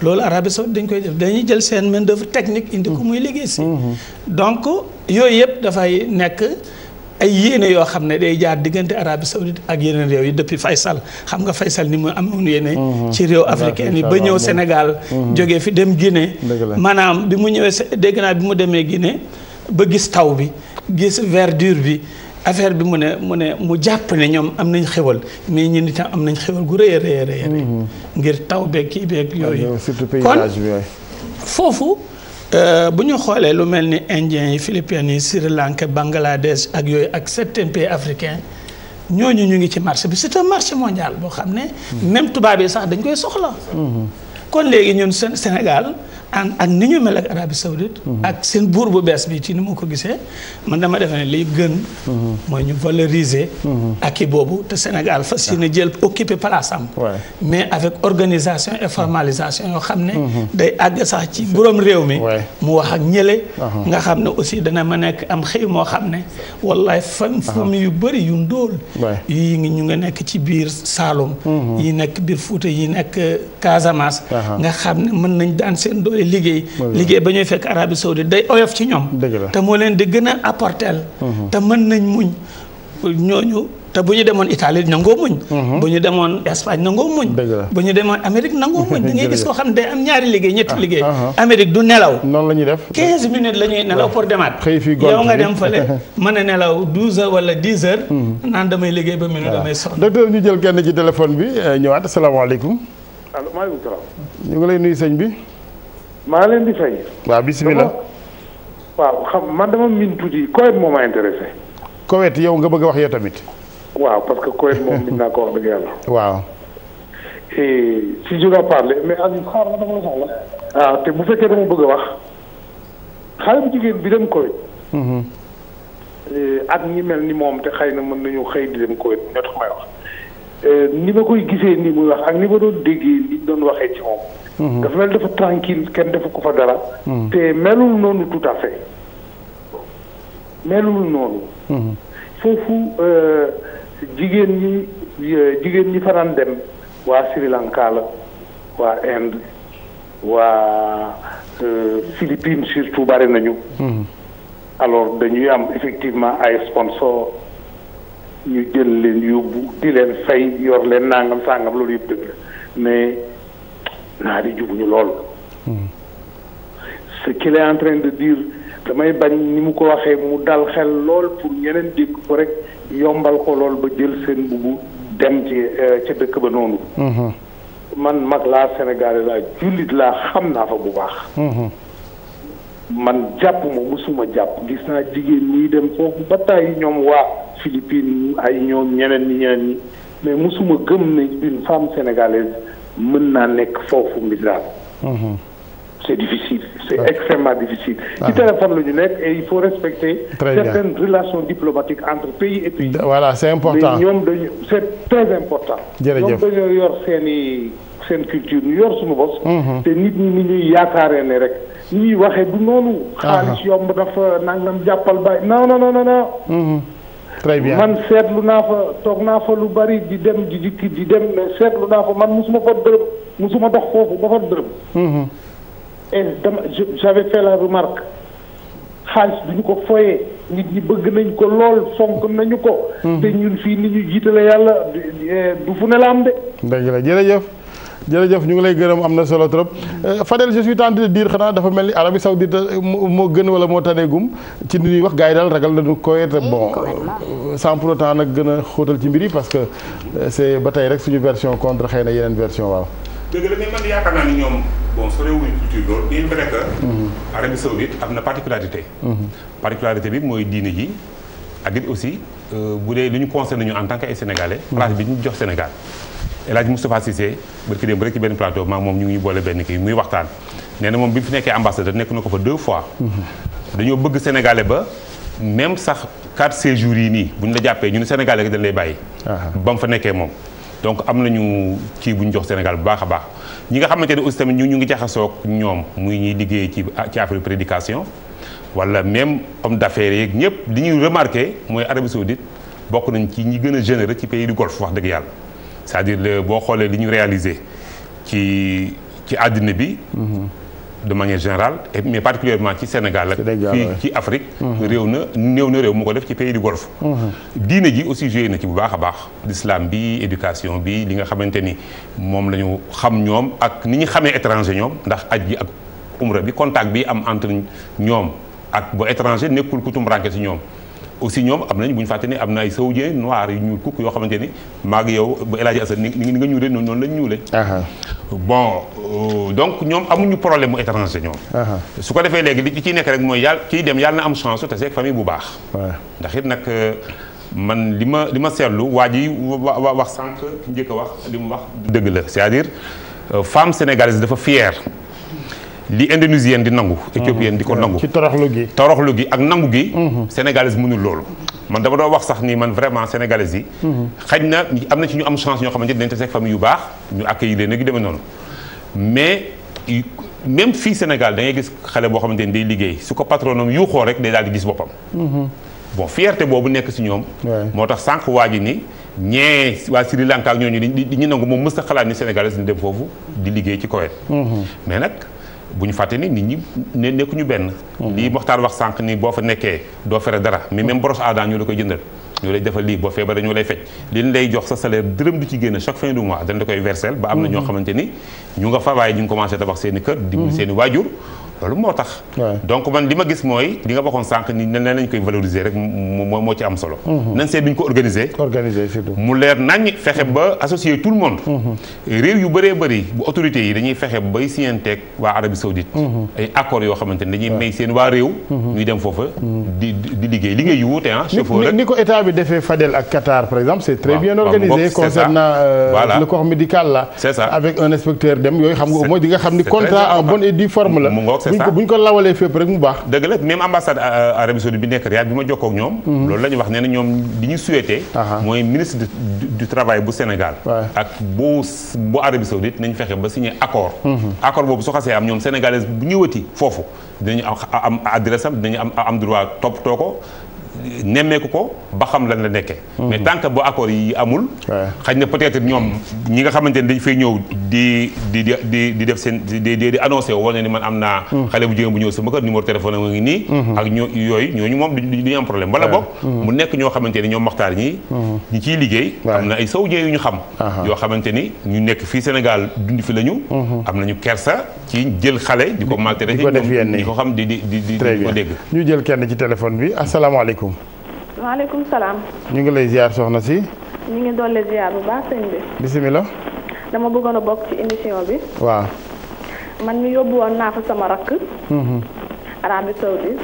loolu Arabie Saoudite dañ koy def dañuy jël seen main d'œuvre technique indi ko muy liggéey si. donc yooyu yëpp dafay nekk. ay yéene yoo xam ne day jaar diggante Arabie Saoudite ak yeneen réew yi depuis Faysal xam nga Faysal ni mu am amoon yéene mhm. ci réew africain yi ba ñëw Sénégal mhm. jógee fi dem génne maanaam bi mu ñëwee dégg naa bi mu demee Guinée ba gis taw bi gis verdure bi affaire bi mu ne mu ne mu jàpp ne ñoom am nañ xewal mais ñun itam am nañ xewal gu rëy a rëy mhm. ngir taw beeg kii beeg yooyu kon foofu Euh, bu ñu xoolee lu mel ni indiens yi philippines yi Sri Lanka Bangladesh ak yooyu ak certains pays africains ñooñu ñu ngi ci marché bi c'est un marché mondiale boo xam ne. Hmm. même tubaab yi sax dañ koy soxla. Hmm. kon léegi ñun Sénégal. ak ni ñu mel ak Arabie Saoudite ak seen buur bu bees bi ci ni ma ko gisee man dama defe ne liy gën mooy ñu valoriser ak i boobu te Sénégal fas ne jël occuper place am mais avec organisation et formalisation yoo xam ne mhm. day àgg sax ci boroom réew mi mu wax ak ñële uh-huh. nga xam ne aussi dana ma nekk am xëy moo xam ne wallaay fam uh-huh. fam yu bëri yu ndool yi ngi ñu nga nekk ci biir Saloum mhm. yi nekk biir Fouta yi nekk euh, Casamance uh-huh. nga xam ne mën nañ daan seen liggéey liggéey ba ñuy fekk Arabie Saoudite day oyof ci ñoom te moo leen di gën a apporteel mm-hmm. te mën nañ muñ ñooñu te bu ñu demoon Italie nangoo muñ mm-hmm. bu ñu demoon Espagne nangoo muñ bu ñu demoon Amérique nangoo muñ da ngay gis koo xam ne day am ñaari liggéey ñetti ah, liggéey ah, ah. Amérique du nelaw noonu la ñuy def quinze minutes la ñuy nelaw pour demaat yow nga dem fële mën a nelaw douze heures wala dix heures mm-hmm. naan damay liggéey ba minute damay sonn docteur ñu jël kenn ci téléphone bi euh, ñëwaat asalaamaaleykum allo maaleykum salaam maa leen di fay. waa bisimilah waaw xam man dama miin tuuti Koweït moo ma intéressé. Koweït yow nga bëgg a wax yow tamit. waaw parce que Koweït moom miin naa ko wax dëgg yàlla. waaw. si je mais Aziz ah, te bu fekkee dama bëgg a wax xale bu jigéen bi dem Koweït. Mm-hmm. ak ñi mel ni moom te xëy na mën nañu xëy di dem Koweït ñoo tax may wax. Euh, ni ma koy gisee nii muy wax ak ni ma doon déggee li doon waxee ci moom. Mhm. dafa mel dafa tranquille kenn defu ko fa dara. Mhm. te melul noonu tout à fait melul noonu. Mhm. foofu euh, jigéen ñi euh, jigéen ñi fanaan dem waa Sri Lanka la waa Inde waa Philippines surtout bari nañu. alors dañuy am effectivement ay sponsor ñu jël leen yóbbu di leen fay yor leen nangam sàngam loolu yëpp dëgg mais naa di jubuñu lool. Hmm. ce qu'il est en train de diir damay bañ ni mu ko waxee mu dal xel lool pour ñeneen dégg ko rek yombal ko lool ba jël seen bubu dem ci euh, ca dëkk ba noonu. Hmm. man mag laa Sénégalais laa jullit laa xam naa fa bu baax. Hmm. man jàpp ma musuma jàpp gis naa jigéen ñi dem foofu ba tàyyi ñoom waa Philippines ay ñoom ñeneen ñi ñeneen ñi mais musuma gëm ne une femme sénégalaise mën naa nekk foofu Mbidra. Mhm. c'est difficile c'est ah. extrêmement difficile. ci ah. téléphone la ñu nekk et il faut respecter. Très certaines bien. relations diplomatiques entre pays et pays. voilà c'est important ñoom dañu c'est très important. ñoom dañoo yor seeni seen culture ñu yor suñu nit ñi ni ñuy yaakaaree ne rek ni ñuy waxee du noonu. xaalis yomb dafa nangam jàppal bàyyi non non non non. Mhm. très bien man seetlu naa fa toog naa fa lu bari di dem di dikki di dem seetlu naa fa man musuma fa dërëm musuma dox foofu ba fa dërëm. Mhm. et dama j'avais fait la remarque xaalis du ñu ko foyee nit ñi bëgg nañ ko lool fonk nañu ko. Mhm. te ñun fii ni ñu jiitale yàlla eh, du fu ne la am de. dëgg la jërëjëf. jërëjëf ñu ngi lay gërëm am na solo trop euh, Fadel je suis tenté xanaa dafa mel ni Arabie Saoudite euh, moo gën wala moo taneegum ci ni ñuy wax gars yi daal ragal nañu Koweït bon euh, sans pour autant nag gën a xóotal ci mbir yi parce que c'est ba tey rek suñu version contre xëy na yeneen version waaw. dëgg la mais mm-hmm. am na particularité. Mm-hmm. particularité bi mooy diine ji ak it aussi bu dee lu ñu concerné ñu en tant que ay sénégalais. place bi ñu jox Sénégal. El Hadj Moustapha Cissé barki démb rek ci benn plateau maag moom ñu ngi boole benn kii muy waxtaan nee na moom bi mu fi nekkee ambassadeur nekk na ko fa deux fois dañoo bëgg sénégalais ba même sax quatre séjours yi nii bu ñu la jàppee ñu ne sénégalais dañ lay bàyyi ah. ba mu fa nekkee moom donc am nañu kii bu ñu jox Sénégal bu baax a baax ñi nga xamante ne aussi tamit ñu ñu ngi jaxasoog ñoom muy ñuy liggéey ci ci affaire prédication wala même comme d'affaires yeeg ñëpp li ñuy remarqué mooy Arabie Saoudite bokk nañ ci ñi gën a généreux ci pays du wax dëgg yàlla c'est-à-dire boo xoolee li ñu réalisé ci ci àddina bi. Mm-hmm. de manière générale et mais particulièrement ci Sénégal ak fii ci Afrique mm-hmm. réew na néew na réew mu ko def ci pays du Golfe mm-hmm. diine ji aussi joué na ci bu baax a baax lislaam bi éducation bi li nga xamante ni moom la ñu xam ñoom ak ni ñu xamee étranger ñoom ndax aj ji ak umra bi contact bi am entre ñoom ak ba étranger nekkul ku tumranke si ñoom aussi ñoom am nañ bu ñu fàtte am na ay saoudien noir yu ñuul kukk yoo xamante ni maa yow ba El Hadj ni nga ñuulee noonu noonu lañ ñuulee bon euh, donc ñoom amuñu problème mu étranger ñoom su ko defee léegi li ciy nekk rek mooy yàlla kiy dem yàlla na am chance te seeg famille bu baax ndax it nag euh, man li ma li ma seetlu waa ji wax sànq njëkk a wax li mu wax dëgg la c'est-à-dire euh, femme sénégalaise dafa fière li indonésienne di nangu. éthiopienne di ko mm-hmm. nangu. ci toroxlu gi toroxlu gi ak nangu gi. Mm-hmm. sénégalais mënul loolu. man dama doo wax sax ni man vraiment sénégalais yi. Mm-hmm. xaj na am na ci ñu am chance ñoo xamante ne dañu tase ak famille yu baax ñu accueillir leen nag demee noonu mais. même fii Sénégal da gis xale boo xamante ni day liggéey su ko patronam yu xoo rek day daal di gis boppam. bon fierté boobu nekk si ñoom. moo tax sànq waa ji ni ñee waa Sri Lanka ak ñooñu di ñu nangu moom mës a xalaat ni Sénégalais di dem foofu di liggéey ci Koweït. mais nag. bu ñu fàtte ni nit ñi ne ñu benn. Mhm. lii Moxtaar wax sànq ni boo fa nekkee doo fere dara mais même brosse à dents ñu la koy jëndal. ñu lay defal lii boo feebaree ñu lay fecc li ñu lay jox sa salaire dërëm du ci génn chaque fin du mois la koy versel ba am na ñoo mhm. xamante ni ñu nga fa waaye ñu ngi commencé tabax seen i kër. dimbali mhm. seen i waajur. loolu moo tax. donc man li ma gis mooy li nga waxoon sànq ni nan lañ koy valoriser rek moo moo ci am solo. Mhm. nañ seet duñ ko organiser. organiser surtout mu leer nañ fexe ba associer tout le monde. Mhm. réew yu bëree bëri bu autorités yi dañuy fexe bay siyanteeg waa Arabie Saoudite. Mhm. ay accords yoo xamante ne dañuy may seen waa réew. ñuy dem foofa. di liggéey liggéey yu wuute ah. ni ko état bi defee Fadel ak Qatar par exemple. c'est très bien organisé concernant euh, le corps médical là. c'est ça bu ñu ko lawalee fépp rek mu baax dëgg la même ambassade euh, euh, Arabie Saoudite bi nekk Riyad bi ma jokkoo ak ñoom mhm. loolu la ñu wax nee na ñoom bi ñu souhaité mooy ministre du travail bu Sénégal ak bu bu Arabie Saoudite nañ fexe ba signé accord mhm. accord boobu su xasee am ñoom sénégalais bu ñëwati foofu dinañu am adresse am dinañu am am droit toppatoo ko nemmeeku ko ba xam lan la nekkee. Hmm. mais tant que boo accord yi amul. xañ na peut-être ñoom ñi nga xamante ne dañ fay ñëw di di di di def seen di di annoncé woon ni man am naa. Hmm. xale bu jigéen bu ñëw sama kër numéro téléphone am ngi hmm. am problème. wala boog mu nekk ñoo xamante ni ñoom ñi ñi ciy liggéey. am na ay saw jee yu ñu xam. yoo xamante ñu nekk fii Sénégal dund fi lañu. am nañu kersa ci jël xale. di ko maltraité a ko def yenn yi di ko xam di di di ko dégg. ñu jël kenn ci téléphone bi asalaamaaleykum waaleykum salaam. ñu ngi lay ziar soxna si. ñu ngi doole ziar bu baax sëñ bi. bisimilah. dama bëggoon a bokk ci émission bi. waaw. man mi yóbbu woon naa fa sama rakk. Mhm. Arabie Saoudite.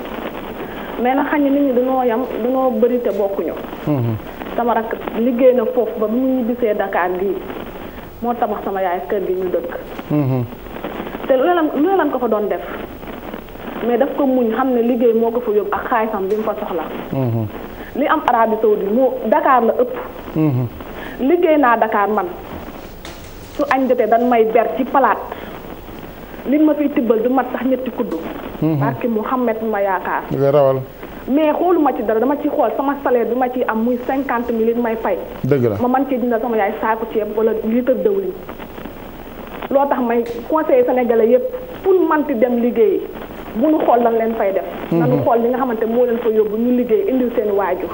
mais nag xam ne nit ñi dañoo yam dañoo bëri te bokkuñu. Mhm. sama rakk liggéey na foofu ba bu ñu ñibbisee Dakar gii moo tabax sama yaay kër gi ñu dëkk. Mhm. te lu ne lan ko fa doon def. mais daf ko muñ xam ne liggéey moo ko fa yóbbu ak xaalisam bi mu fa soxla. li am Arabie Saoudite moo Dakar la ëpp. Mhm. liggéey naa dakaar man su añ jotee dañ may ber ci palaat liñ ma fiy tibbal du ma tax ñetti kuddu. Mhm. barke Mouhamed ma yaakaar. nga rawal. mais xooluma ci dara dama ci xool sama salaire bi ma ci am muy cinquante mille may fay. dëgg la ma man cee dindal sama yaay saaku ceeb wala litre dëwlin. loo tax may conseiller sénégalais yëpp pour manti dem liggéeyi. bu ñu xool lan leen fay def. Mhm. nanu xool li nga xamante moo leen fa yóbbu ñu liggéey indil seen waajur.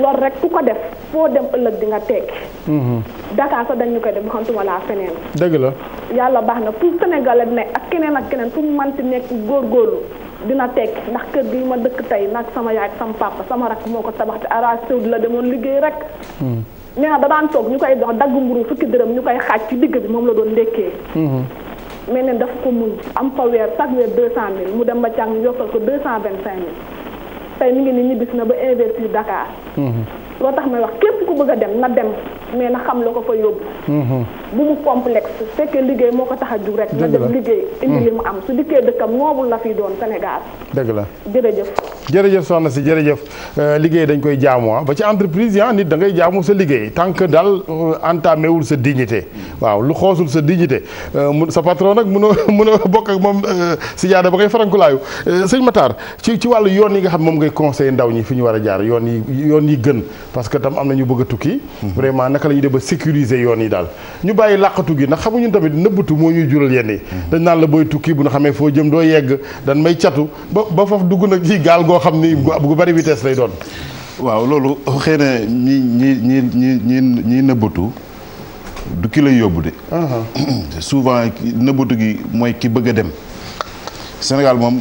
loolu rek ku ko def foo dem ëllëg di nga tekki. Mhm. Dakar sax dañu koy def bu xam tuma laa feneen. dëgg la. yàlla baax na pour Sénégal ne ak keneen ak keneen fu mu mënti nekk góorlu dina tekki ndax kër gi ma dëkk tey nag sama yaay sama papa sama rakk moo ko tabax te Arabie Saoudite la demoon liggéey rek. Mhm. nee na da daan toog ñu koy dox dagg mburu fukki dërëm ñu koy xaaj ci digg bi moom la doon ndekkee. mais neen dafa ko muñ am fa weer chaque weer deux cent mille mu dem ba càng yokkal ko deux cent vingt cinq mille tey mi ngi ni ñibbis na ba investir Dakar. Mhm. loo tax may wax képp ku bëgg a dem na dem mais na xam la ko fa yóbbu. Mm-hmm. bu mu complexe fekkee liggéey moo ko tax a jug rek. na def liggéey indi mm. li mu am su dikkee dëkkam noobul la fi doon Sénégal. dëgg la jërëjëf. jërëjëf soxna si jërëjëf euh, liggéey dañ koy jaamu ah. ba ci entreprise ya ah, nit da ngay sa liggéey tant que daal euh, entamé wul sa dignité waaw lu xoosul sa dignité euh, mu sa patron nag mënoo mënoo bokk ak moom si jaada ba ngay farankulaayu sëñ Matar ci ci wàllu yoon yi nga xam moom ngay conseil ndaw ñi fi ñu war a jaar yoon yi yi gën parce que tam am na bëgg a tukki mm-hmm. naka la ñuy def ba sécuriser yoon yi daal ñu bàyyi làqatu gi ndax xamuñu tamit nëbbatu moo ñuy jural yenn yi dañ naan la booy tukki bu ñu xamee foo jëm doo yegg dañ may catu ba ba foofu dugg nag ci gaal goo xam ni gu bari vitesse lay doon waaw loolu xëy na ñi ñi ñi ñi ñi ñiy nëbbatu du ki lay yóbbu de uh-huh. souvent nëbbatu gi mooy ki bëgg a dem Sénégal moom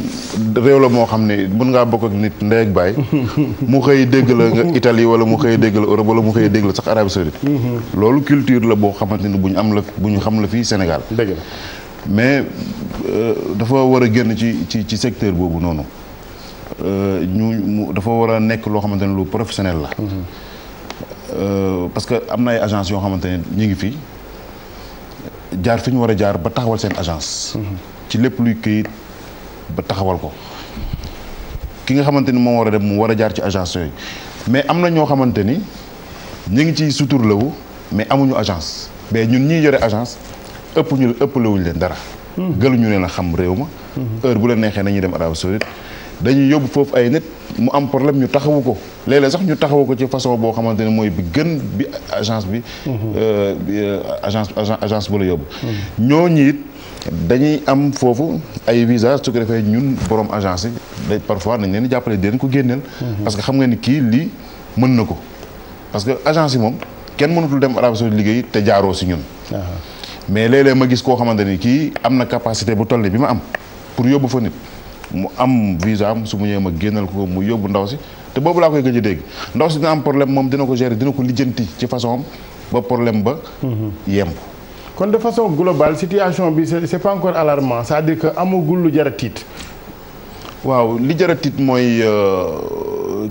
réew la moo xam ne mën ngaa bokk ak nit ndey ak baay mu xëy dégg la nga Italie wala mu xëy dégg la Europe wala mu xëy dégg la sax Arabie Saoudite mm-hmm. loolu culture la boo xamante ni bu ñu am la bu ñu xam la fii Sénégal dëgg mais euh, dafa war a génn ci ci ci secteur boobu noonu euh, ñu dafa war a nekk loo xamante ne lu professionnel la mm-hmm. euh, parce que am na ay agence yoo xamante ne ñu ngi fi jaar fi ñu war a jaar ba taxawal seen agence mm-hmm. ci lépp luy këyit ba taxawal ko ki nga xamante ni moom war a dem mu war a jaar ci agence yooyu mais am na ñoo xamante ni ñu ngi ciy suturlawu mais amuñu agence mais ñun ñiy yore agence ëpp ñu ëppalewuñu leen dara. Hmm. gëluñu leen a xam réew ma. Hmm. heure bu la neexee nañuy dem Arabie Saoudite dañuy yóbbu foofu ay nit mu am problème ñu taxawu ko léeg-léeg sax ñu taxawu ko ci façon boo xamante ne mooy bi gën bi agence bi. Hmm. Euh, euh, agence agence bu la yóbbu. ñooñu it dañuy am foofu ay visa su ko defee ñun borom agence yi day parfois nañ leen di jàppale di leen ko génneel. Mhm. parce que xam nga ni kii lii mën na ko. parce que agence yi moom kenn mënatul dem Arabie Saoudite liggéey te jaaroo si ñun. mais léeg-léeg ma gis koo xamante ni kii am na capacité bu toll bi ma am pour yóbbu fa nit. mu am visa am su mu ñëwee ma génnal ko mu yóbbu ndaw si te boobu laa koy gëj dégg ndaw si dina am problème moom dina ko gérer dina ko lijjanti ci façon am ba problème ba. Mhm. yemb. kon de façon globale situation bi c'est c'est pas encore alarmant c'est-à-dire que amagul lu jar a waaw li jar a tiit mooy euh,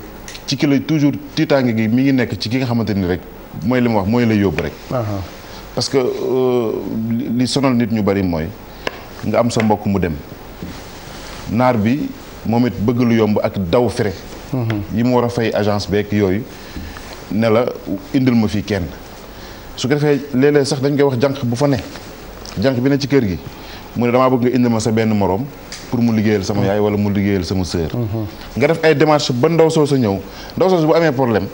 ci ki la toujours tiitaange gi mi ngi nekk ci ki nga xamante ni rek mooy li ma wax mooy la yóbbu rek parce que euh, li sonal nit ñu bari mooy nga am sa mbokk mu dem naar bi moom it bëgg lu yomb ak daw fere mhm. yi mu war a fay agence beeg yooyu ne la indil ma fii kenn su ko defee léeg-léeg sax dañ koy wax jànq bu fa ne jànq bi ne ci kër gi mu ne dama bëgg nga indi ma sa benn morom pour mu liggéeyal sama yaay wala mu liggéeyal sama sœur. Mm-hmm. nga def ay démarches ba ndaw soo sa ñëw ndaw soo bu amee problème.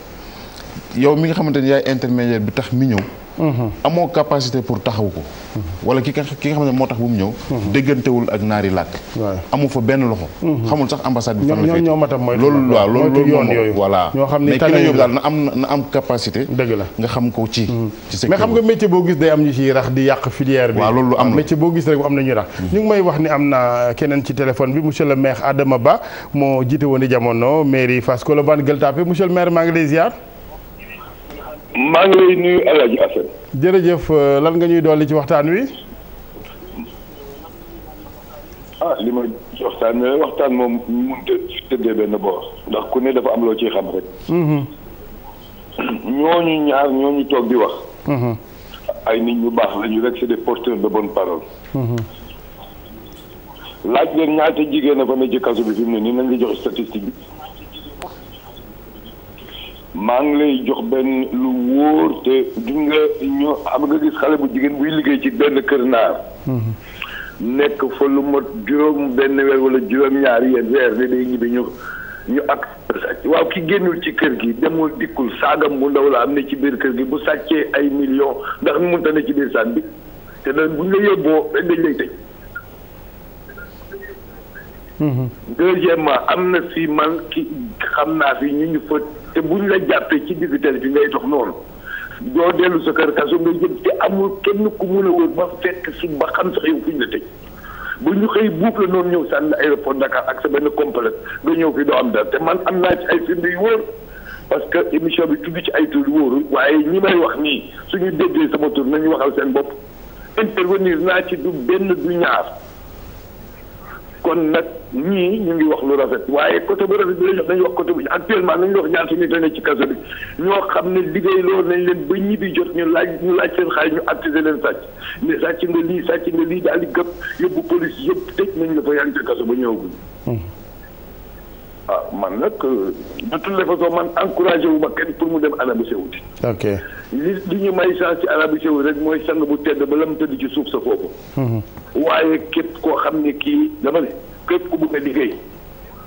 yow mi nga xamante ni yaay intermédiaire bi tax mi ñëw. Mhm. amoo capacité pour taxaw ko. Mhm. wala ki nga ki nga xam ne moo tax bu mu ñëw. Mhm. déggantewul ak naari làkk. amu fa benn loxo. xamul sax ambassade bi. fan la féetee loolu waaw loolu yoon voilà. ñoo xam ne tànn daal na am na am capacité. dëgg la nga xam ko ci. ci secteur xam nga métier gis day am ñu ciy rax di yàq filière bi. waaw loolu am na boo gis rek na ñu ngi may wax ni am na keneen ci téléphone bi monsieur le maire Adama Ba moo jiite woon jamono mairie Fass Colobane Gueule Tapée monsieur le maire maa ngi lay ziar maa ngi lay nuyu El Hadj jërëjëf euh, lan nga ñuy dolli ci waxtaan wi. ah li ma waxtaan ne waxtaan moom ñu mun tëddee benn boor ndax ku ne dafa am loo ciy xam rek. Mm-hmm. ñooñu ñaar ñu toog di wax. Mm-hmm. ay nit ñu baax lañu rek c'est des porteurs de bonne parole. Mm-hmm. laaj leen ñaata jigéen a fa ne ci kaso bi fi mu ne nii nañ jox statistique bi. maa ngi lay jox benn lu wóor te du ñoo am nga gis xale bu jigéen buy liggéey ci benn kër naar nekk fa lu mot juróom benn weer wala juróom-ñaari yéen weer bi day ñibbi ñu ñu ak waaw ki génnul ci kër gi demul dikkul saagam bu ndaw la am na ci biir kër gi bu sàccee ay million ndax mënta ne ci biir saan bi te dañ bu ñu la yóbboo dañ lay tëj mm-hmm. deuxièmement am na si man ki xam naa fi ñu ñu fa te buñ la jàppee ci digg bi ngay dox noonu doo dellu sa kër kaso nga jëm te amul kenn ku mun a wër ba fekk su ba xam sa yow fuñ la tëj ba ñu xëy buub la noonu ñëw sànni aéroport ndakaar ak sa benn complexe nga ñëw fi doo am dara te man am naa ci ay firnde yu wóor parce que émission bi tudd ci ay tur yu wóorul waaye ñi may wax nii su ñu déggee sama tur nañu waxal seen bopp intervenir naa ci du benn du ñaar. kon nag ñii ñu ngi wax lu rafet waaye côté bu rafet bi lañ wax nañu wax côté bu actuellement nañu wax ñaata nit a ne ci kaso bi ñoo xam ne liggéeyloo nañ leen ba ñibbi jot ñu laaj ñu laaj seen xaalis ñu actiser leen sàcc ne sàcc nga lii sàcc nga lii daal di gëpp yóbbu police yëpp tëj nañ la fa yaa ngi ca kaso ba ñëwaguñ hmm. ah man nag euh, de toutes les façons man encouragé wu ma kenn pour mu dem Arabie Saoudite. ok li li ñu may chance ci Arabie Saoudite rek mooy sang bu tedd ba la mu tëdd ci suuf sa foofu. Mhm. waaye képp koo xam ne kii dama ne képp ku bugg a liggéey.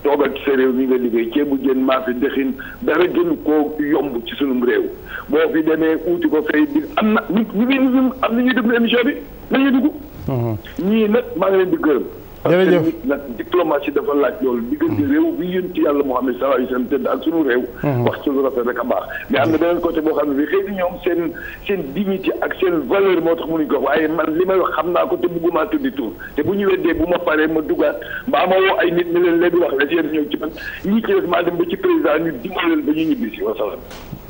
toogal ci sa réew mi nga liggéey ceebu jën maafe dëxin dara jënd koo yomb ci sunum réew boo fi demee uuti ko fay bi am na ñu ñu ngi am na ñuy déglu émission bi nañu dugg. Mhm. ñii nag maa ngi leen di gërëm. jërëjëf parce que nag diplomatie dafa laaj loolu diggante hmm. réew bi yéen ci yàlla Muhammad sallallahu alayhi wasallam tëdd ak sunu réew. Hmm. wax ci rafet rek a baax. mais am na beneen côté boo xam ne bi xëy na ñoom seen seen dignité ak seen valeur moo tax mënuñ ko wax waaye man li may wax xam naa ko te bëgguma tuddi tur te bu ñu weddee bu ma paree ma duggaat mbaa ma woo ay nit ne leen léegi wax la si yéen ñëw ci man ñii ci des maa dem ba ci président ñu dimbalal ba ñu ñibbi si wasalaam.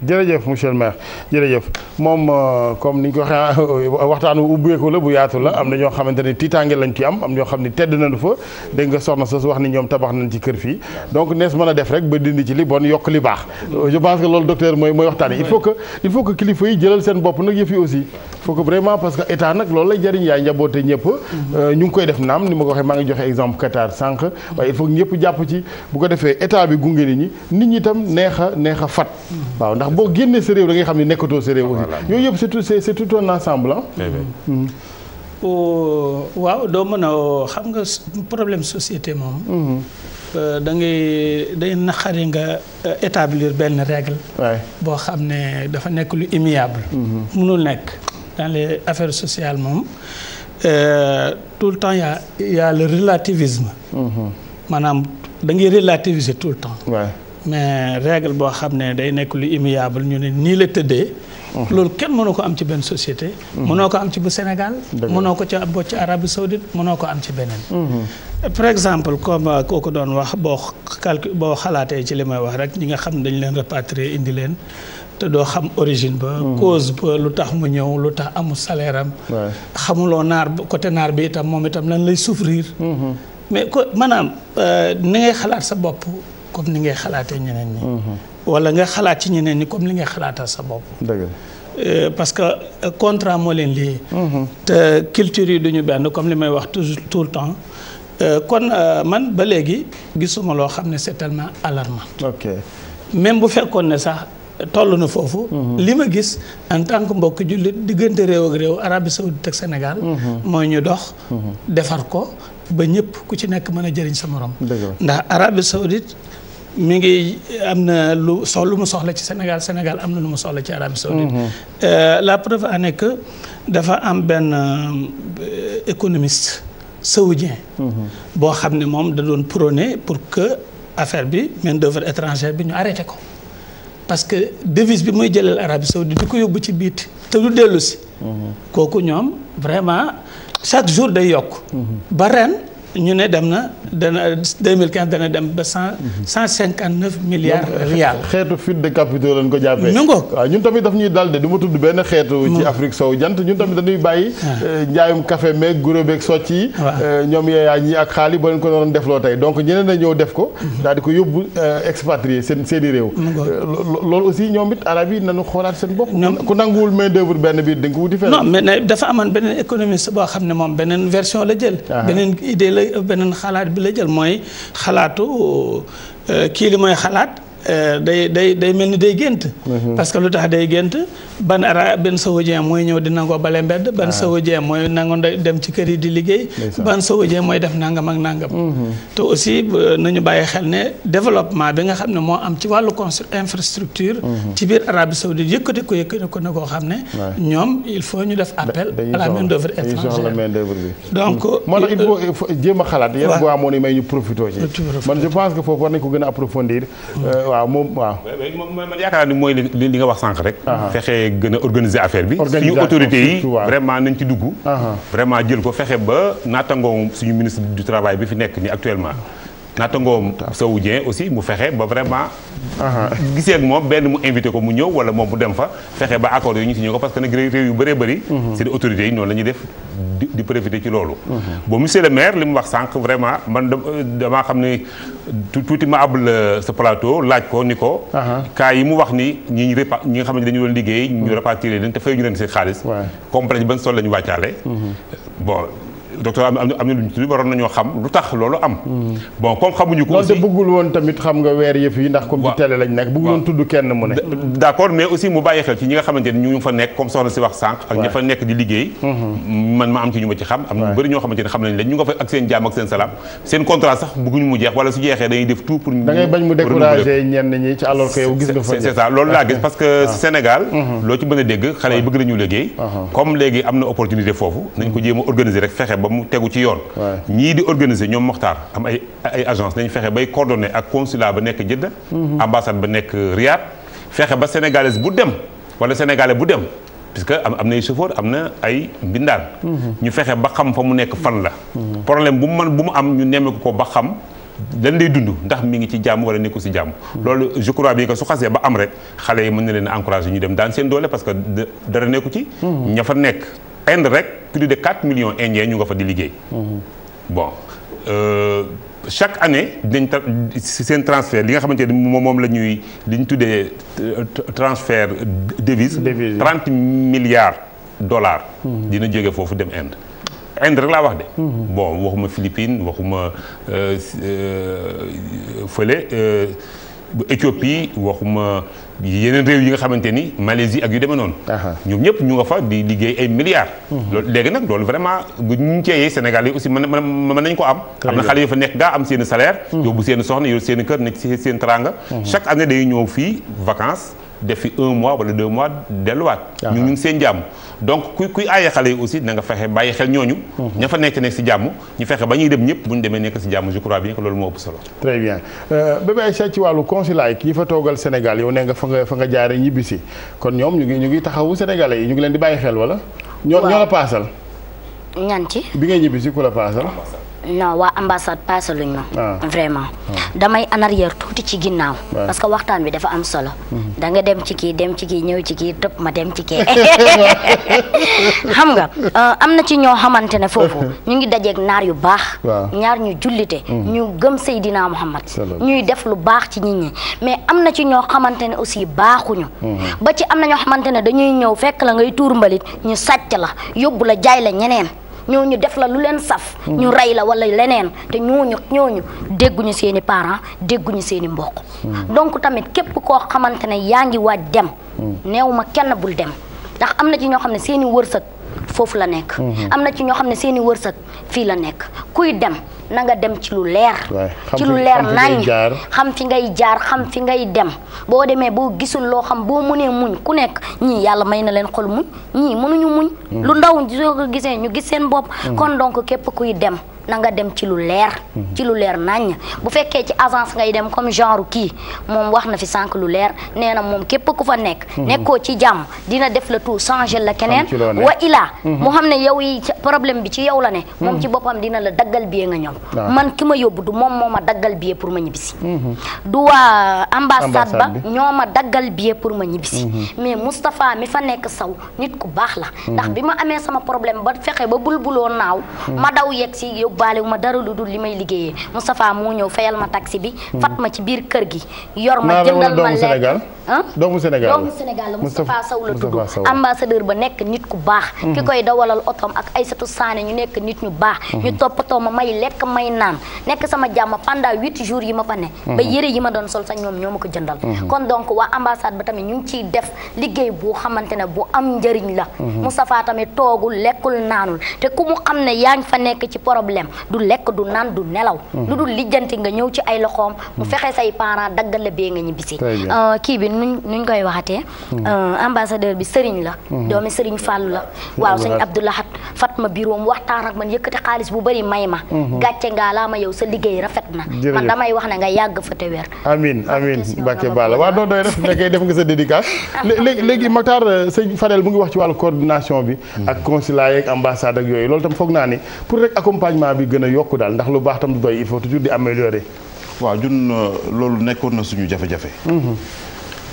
jërëjëf monsieur le jërëjëf moom euh, comme ni ñu ko waxee waxtaan wu ubbeeku la bu yaatu la am na ñoo xamante ne tiitaange lañ ci am am ñoo xam ne tedd nañu fa dégg nga soxna sos wax ni ñoom tabax nañ ci kër fii donc nees mën a def rek ba dindi ci li bon yokk li baax je pense loolu docteur mooy mooy waxtaan yi il faut que il faut que kilifa yi jëlal seen bopp nag yëf yi aussi il faut que vraiment parce que état nag loolu lay jëriñ yaay njaboote ñëpp euh, ñu ngi koy def naam ni ma ko waxee maa ngi joxe exemple Qatar sànq waaye il faut que ñëpp jàpp ci bu ko defee état bi gunge nit ñi nit ñi itam neex a neex a fat ndax boo génnee sa réew da xam ne nekkatoo sa réew aussi yooyu yëpp c'est tout c'est tout un ensemble eh mm. oh, waaw doo mën a xam nga problème société moom mm-hmm. euh, da ngay day naqari nga euh, établir benn règle boo xam ne dafa nekk lu immuable mënul mm-hmm. nekk dans affaire sociale sociales moom euh, tout le temps y a y a relativisme mm-hmm. maanaam da ngay relativiser tout le temps mais règle boo xam ne day nekk lu immuable ñu ne nii la tëddee. Mhm. loolu kenn mënoo ko am ci benn société. Mhm. mënoo ko am ci bu Sénégal. mënoo ko ci bo ci Arabie Saoudite mënoo ko am ci beneen. Mhm. par exemple comme euh, kooku doon wax boo calcul boo xalaatee ci li may wax rek ñi nga xam ne dañ leen rapatrier indi leen. te doo xam origine ba. cause ba lu tax mu ñëw lu tax amul salaire xamuloo naar côté naar bi itam moom itam lan lay souffrir. mais ko maanaam euh, ni ngay xalaat sa bopp. comme ni ngay xalaatee ñeneen ñi. Mhm. wala nga xalaat ci ñeneen ñi comme li ngay xalaatal sa bopp. Euh, parce que euh, contrat moo leen lii. Mhm. te culture yi du ñu benn comme li may wax toujours tout le temps. Euh, kon man ba léegi gisuma loo xam ne c'est tellement alarmant. ok même bu fekkoon ne sax toll na foofu. Mhm. li ma gis en tant que mbokk jullit diggante réew ak réew Arabie Saoudite ak Sénégal. mooy ñu dox. defar ko ba ñëpp ku ci nekk mën a jëriñ sa morom. ndax Arabie Saoudite. mi ngi am na lu sox lu mu soxla ci Sénégal Sénégal am na lu mu soxla ci Arabie Saoudite mhm. euh, la preuve en est dafa am benn euh, économiste saoudien mhm. boo xam ne moom da doon prôné pour que affaire bi main d'œuvre étrangère bi ñu arrêté ko parce que devise bi muy jëlal Arabie Saoudite di ko yóbbu ci biit te du dellu mhm. kooku ñoom vraiment chaque jour day yokk ba ren ñu ne dem na dana 2015 dana dem ba cent mhm. cent cinquante neuf milliards xeetu fuite de capitaux lañ ko jàppee mi ngoog waaw ñun tamit daf ñuy dal de du ma tudd benn xeetu ci Afrique sow jant ñun tamit dañuy bàyyi ah. euh, njaayum café meeg guro beeg socc yi euh, ñoom yeeyaa ñi ak xaalis ba leen ko doon defloo tey donc ñeneen na ñëw def ko mhm. daal ko yóbbu euh, expatrié seen seen i réew loolu aussi ñoom it arab yi nañu xoolaat seen bopp ku nanguwul main d'œuvre benn biir di ko wuti feneen non mais dafa amoon beneen économiste moom beneen version la ah. la beneen xalaat bi la jël mooy xalaatu euh, kii li mooy xalaat Euh, day day day mel ni day gént. Mhm. parce que lu tax day gént ban ara benn saoudien mooy ñëw di nangoo bale mbedd. ban ah. saoudien mooy nango dem ci kër yi di liggéey. ban saoudien mooy def nangam ak nangam. Mhm. te aussi euh, nañu bàyyi xel ne développement bi nga xam ne moo am ci wàllu constru infrastructure. Mhm. ci biir Arabie Saoudite yëkkati ko yëkkati ko na koo xam ne. ñoom il faut ñu def appel. à la main d'œuvre étrangère donc. moo tax il faut a xalaat. waaw yéen boo amoon may ñu profité waaw moom waaw. man yaakaar ni mooy li nga wax sànq rek. Ah. fexe gën a organiser affaire bi. suñu autorités yi vraiment nañ ci dugg. Ah. vraiment jël ko fexe ba naattangoom suñu ministre du travail bi fi nekk ni actuellement. naatangoom Sow Dieng aussi mu fexe ba vraiment gisee moom benn mu invité ko mu ñëw wala moom mu dem fa fexe ba accord yooyu ñu signé ko parce que nag réew yu bëree bëri mhm. c'est des autorités yi noonu la ñuy def di profiter ci loolu mhm. bon monsieur le maire li mu wax sànq vraiment man euh, damaa xam ne tuuti ma abal sa plateau laaj ko ni ko cas yi mu wax ni ñi répa ñi nga xam ne dañu doon liggéey ñu mhm. répartir leen te fay ñu leen seen xaalis complexe ban sol la ñu wàccaale bon docteur am am na lu ñu tudd waroon nañoo xam lu tax loolu am. bon comme xamuñu ko aussi loolu de bëggul woon tamit xam nga weer yëf yi ndax. comme ci télé nekk bëggul woon kenn mu ne. da ngay bañ loolu laa gis parce que ah. Sénégal mm-hmm. loo ci mën a dégg xale yi bëgg nañu liggéey uh-huh. comme léegi am na opportunité foofu nañ ko jéem a rek fexe ba mu tegu ci yoon ñii di organiser ñoom Moxtaar am ay ay agence nañ fexe bay coordonné ak consulat ba nekk Jeddah mhm. ambassade ba nekk Riyad fexe ba sénégalais bu dem wala sénégalais bu dem puisque am am nay chauffeur am na ay mbindaan mhm. ñu fexe ba xam fa mu nekk fan la mhm. problème bu mu bu mu am ñu nemmeeku ko ba xam lan lay dund ndax mi ngi ci jàmm wala nekkul si jàmm loolu je crois bien que su xasee ba am rek xale yi mën na leen encourager ñu dem daan seen doole parce que dara nekku nekk Inde rek plus de 4 millions indiens ñu nga fa di liggéey. bon euh, chaque année dinañ seen transfert li nga xamante ni moom la ñuy li ñu tuddee euh, transfert devise. devise 30 milliards dollars. dina jóge foofu dem Inde. Inde rek laa wax de. bon waxuma Philippines waxuma euh, fële Éthiopie waxuma. yeneen réew yi nga xamante ni Malaisie ak yu demee noonu. ñoom ñëpp ñu nga fa di liggéey ay milliards. Mhm. loolu léegi nag loolu vraiment bu ñu ceeyee Sénégal yi aussi mën mën nañ ko am. am na xale yu fa nekk gaa am seen salaire. Mhm. yóbbu seen soxna yóbbu seen kër nekk seen teranga. Mhm. chaque année day ñëw fii vacances. defi fi un mois wala deux mois delluwaat. Ah. ñu ñu ngi seen jàmm. donc kuy kuy aaye xale yi aussi na nga fexe bàyyi xel ñooñu. Mhm. ña fa nekk nekk si jàmm. ñu fexe ba ñuy dem ñëpp bu ñu demee nekk si jàmm je crois bien que loolu moo ëpp solo. très bien euh, Bébé wàllu consulat yi ki fa toogal Sénégal yow nee nga fa nga fa nga jaaree ñibbisi ñoom ñu ngi ñu ngi taxawu sénégalais yi ñu ngi leen di bàyyi xel wala. ñoo ñoo la paasal. ñan ci. bi ngay ñibbisi ku la paasal. non waa ambassade passé ñu ma. Ah. vraiment ah. damay en arrière tuuti ci ginnaaw. parce que waxtaan bi dafa am solo. Mhm. da nga dem ci kii dem ci kii ñëw ci kii tëb ma dem ci kii. xam nga euh, am na ci ñoo xamante ne foofu ñu ngi dajeeg naar yu baax. ñaar ñu jullite. Mhm. ñu gëm Seydina Muhammad. ñuy def lu baax ci nit ñi mais am na ci ñoo xamante ne aussi baaxuñu. Mhm. ba ci am na ñoo xamante ne dañuy ñëw fekk la ngay tuur mbalit ñu sàcc la yóbbu la jaay la ñeneen. ñu def la lu leen saf. ñu rey la wala leneen te ñooñu ñu dégguñu seeni i dégguñu seen i mbokk. donc tamit képp koo xamante ne yaa ngi waaj dem. neew ma kenn bul dem ndax am na ci ñoo xam ne seen i wërsëg foofu la nekk. Mm-hmm. am na ci ñoo xam ne seen i wërsëg fii la nekk kuy dem. na nga dem ci lu leer ci lu leer nañ xam fi ngay jaar xam fi ngay dem boo demee boo gisul loo xam boo mënee muñ ku nekk ñii yàlla may na leen xol muñ ñii munuñu muñ mm. lu ndaw soo ko gisee ñu gis seen bopp mm. kon donc képp kuy dem na nga dem ci lu leer. Mhm. ci lu leer naññ bu fekkee ci agence ngay dem comme genre kii moom wax na fi sànq lu leer nee na moom képp ku fa nekk. Mhm. nekkoo ci jàmm dina def la tout changer la keneen. wa ilaa mhm. mu xam ne yow yi problème bi ci yow la ne. moom ci boppam dina la daggal billet nga ñëw. man ki ma yóbbu du moom moom ma daggal billet pour ma ñibbisi. du waa ambassade ba ñoo ma daggal billet pour ma ñibbisi. mais Moustapha mi fa nekk saw nit ku baax la. ndax bi ma amee sama problème ba fexe ba bulbuloo naaw. ma daw yegg yóbbaale wu ma dara lu dul li may liggéeyee Moustapha moo ñëw fayal ma taxi bi. Hmm. fat ma ci biir kër gi. yor ma jëndal ma lekk doomu Sénégal doomu Sénégal la Moustapha Sow la tudd ambassadeur ba nekk nit ku baax. Hmm. ki koy dawalal otoom ak Aïssatou Sané nekk nit ñu baax. Hmm. ñu toppatoo ma may lekk may naan nekk sama jàmm pendant huit jours yi ma fa ne. ba yëre yi ma doon sol sax ñoo ma ko jëndal. kon donc waa ambassade ba tamit ñu ngi ciy def liggéey boo xamante ne bu am njëriñ la. Moustapha tamit toogul lekkul naanul te ku mu xam ne yaa ngi fa nekk ci problème. dem du lekk du naan du nelaw hmm. lu dul lijjanti nga ñëw ci ay loxoom mu hmm. fexe say parents daggal la bee nga ñibbisi euh, kii bi nuñ nuñ koy waxatee hmm. euh, ambassadeur bi sëriñ la doomi sëriñ Fàllu la waaw sëñ Abdoulahat Fatma biroom waxtaan ak man yëkkati xaalis bu bëri may ma gàcce ngaa ma yow sa liggéey rafet na man damay wax ne nga yàgg fa te wér amin amin Mbacke Balla waaw doo doy def nekkee def nga sa dédicace léegi léegi Mactar euh, sëñ Fadel mu ngi wax ci wàllu coordination bi ak consulat yeeg ambassade ak yooyu loolu tam foog naa ni pour rek accompagnement bi gën a yokk daal ndax lu baax tam du doy il faut toujours di améliorer. waaw ñun euh, loolu nekkoon na suñu jafe-jafe. Mhm.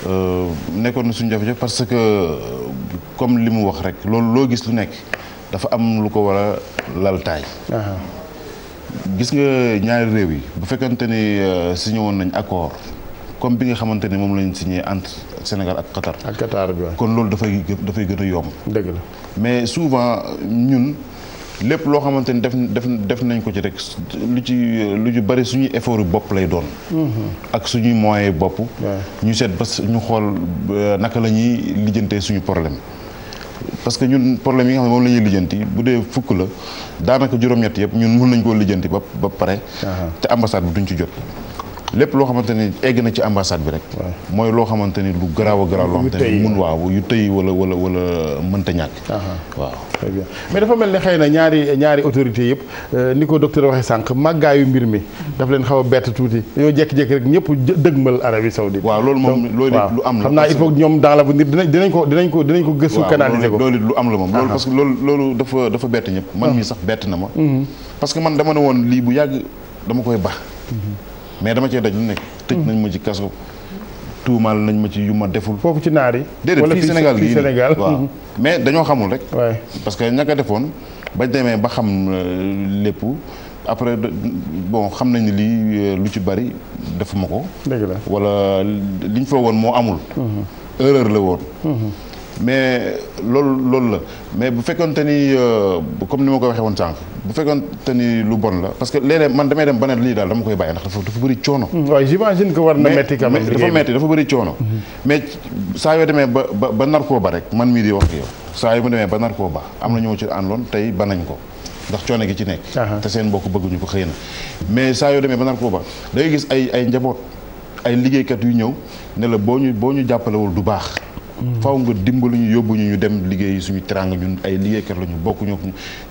Euh, nekkoon na suñu jafe-jafe parce que euh, comme li mu wax rek loolu loo gis lu nekk dafa am lu ko war a laltaay. gis nga ñaari réew yi bu fekkante ni signé woon nañ accord comme bi nga xamante ni moom lañ signé entre Sénégal ak Qatar. kon loolu dafay dafay gën a yomb. dëgg la mais souvent ñun. lépp loo xamante ni def def def nañ ko ci rek lu ci lu ñu bari suñuy effort yu bopp lay doon. Mm-hmm. ak suñuy moyens bopp. ñu seet ba ñu xool euh, naka la ñuy lijjantee suñu problème. parce que ñun problème yi nga xam ne moom la ñuy lijjanti bu dee fukk la daanaka juróom-ñett yëpp ñun mun nañ koo lijjanti ba ba pare. Uh-huh. te ambassade bi duñ ci jot. lépp loo xamante ni egg na ci ambassade bi rek. mooy loo xamante ni lu garaaw a garaaw. yu tëy mun waaw yu tëy wala wala wala mënta ñàkk. waaw. très bien mais dafa mel ne xëy na ñaari ñaari autorités yëpp euh, ni ko docteur waxee sànq màggaayu mbir mi daf leen xaw a bett tuuti yow jékki rek ñëpp dëgmal Arabie Saoudite. waaw loolu moom loolu lu am la. xam naa il faut ñoom dans l'avenir dinañ ko dinañ ko dinañ ko gëstu. canaliser ko loolu loolu loolu loolu dafa dafa bett ñëpp. man ah. mii sax bett na ma. Mhm. parce que man dama ne woon lii bu yàgg dama koy ba mhm. mais dama cee daj lu nekk. tëj nañ ma ci kaso. tuumaal nañ ma ci yu deful. foofu ci naar yi. wala fii Sénégal déedéet fii Sénégal waaw mhm. mais dañoo xamul rek. parce que ñaka defoon ba demee ba xam euh, lépp après bon xam nañ ne lii euh, lu ci bari defuma ko. dëgg la wala liñ foogoon moo amul. Mhm. erreur la woon. Mhm. mais loolu loolu la mais bu fekkonte ni euh, comme ni ma ko waxee woon sànq bu fekkonte ni lu bon la parce que léeg man damay dem ba lii daal dama koy bàyyi ndax dafa dafa bëri coono. Mm, waaw j'imagine que war na mm-hmm. mais saa yoo demee ba ba ba koo ba rek man mii di wax ak yow saa yu mu demee ba narkoo ba am na ñoo ci àndoon tey ba nañ ko. ndax coono gi ci nekk. te seen bokk bëgguñu ko xëy na. mais saa yoo demee ba nar koo ba da ngay gis ay ay njaboot ay liggéeykat yu ñëw ne la boo ñu boo ñu jàppalewul du baax faw nga dimbali ñu yóbbu ñu ñu dem liggéey suñu teranga ñun ay liggéeykat la ñu bokk ñu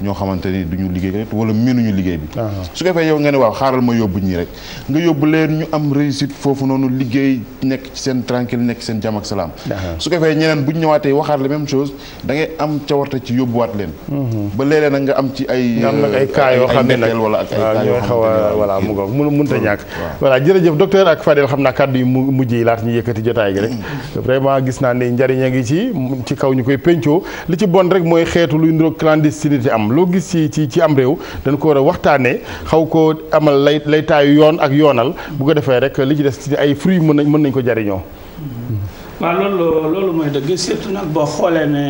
ñoo xamante ni duñu liggéey wala mënuñu liggéey bi ah. su ko fee yow nga ne waaw xaaral ma yóbbu ñii rek nga yóbbu leen ñu am réussite foofu noonu liggéey nekk ci seen tranquille nekk seen jàmm ak salaam ah. su ko fee ñeneen buñ ñëwaatee la même chose da ngay am cawarte ci yóbbuwaat leen mm-hmm. ba léeg-léeg nag nga am ci ay am nag ay yoo xam ne nag wala ak ay ñooy xaw a voilà mu nga mun mënta mm-hmm. ñàkk voilà jërëjëf docteur ak Fadel xam naa kàddu yu mujj yi laata ñu yëkkati jotaay gi rek mm-hmm. vraiment gis naa ne njariñ a ngi ci ci kaw ñu koy pencoo li ci bon rek mooy xeetu lu luy ndoog clandestinité am loo gis ci ci ci am réew dañ ko war a waxtaanee xaw ko amal lay laytaayu yoon ak yoonal bu ko defee rek li ci des ci ay fruits mën nañ mën nañ ko jariñoo waaw loolu loolu mooy dëgg surtout nag boo xoolee ne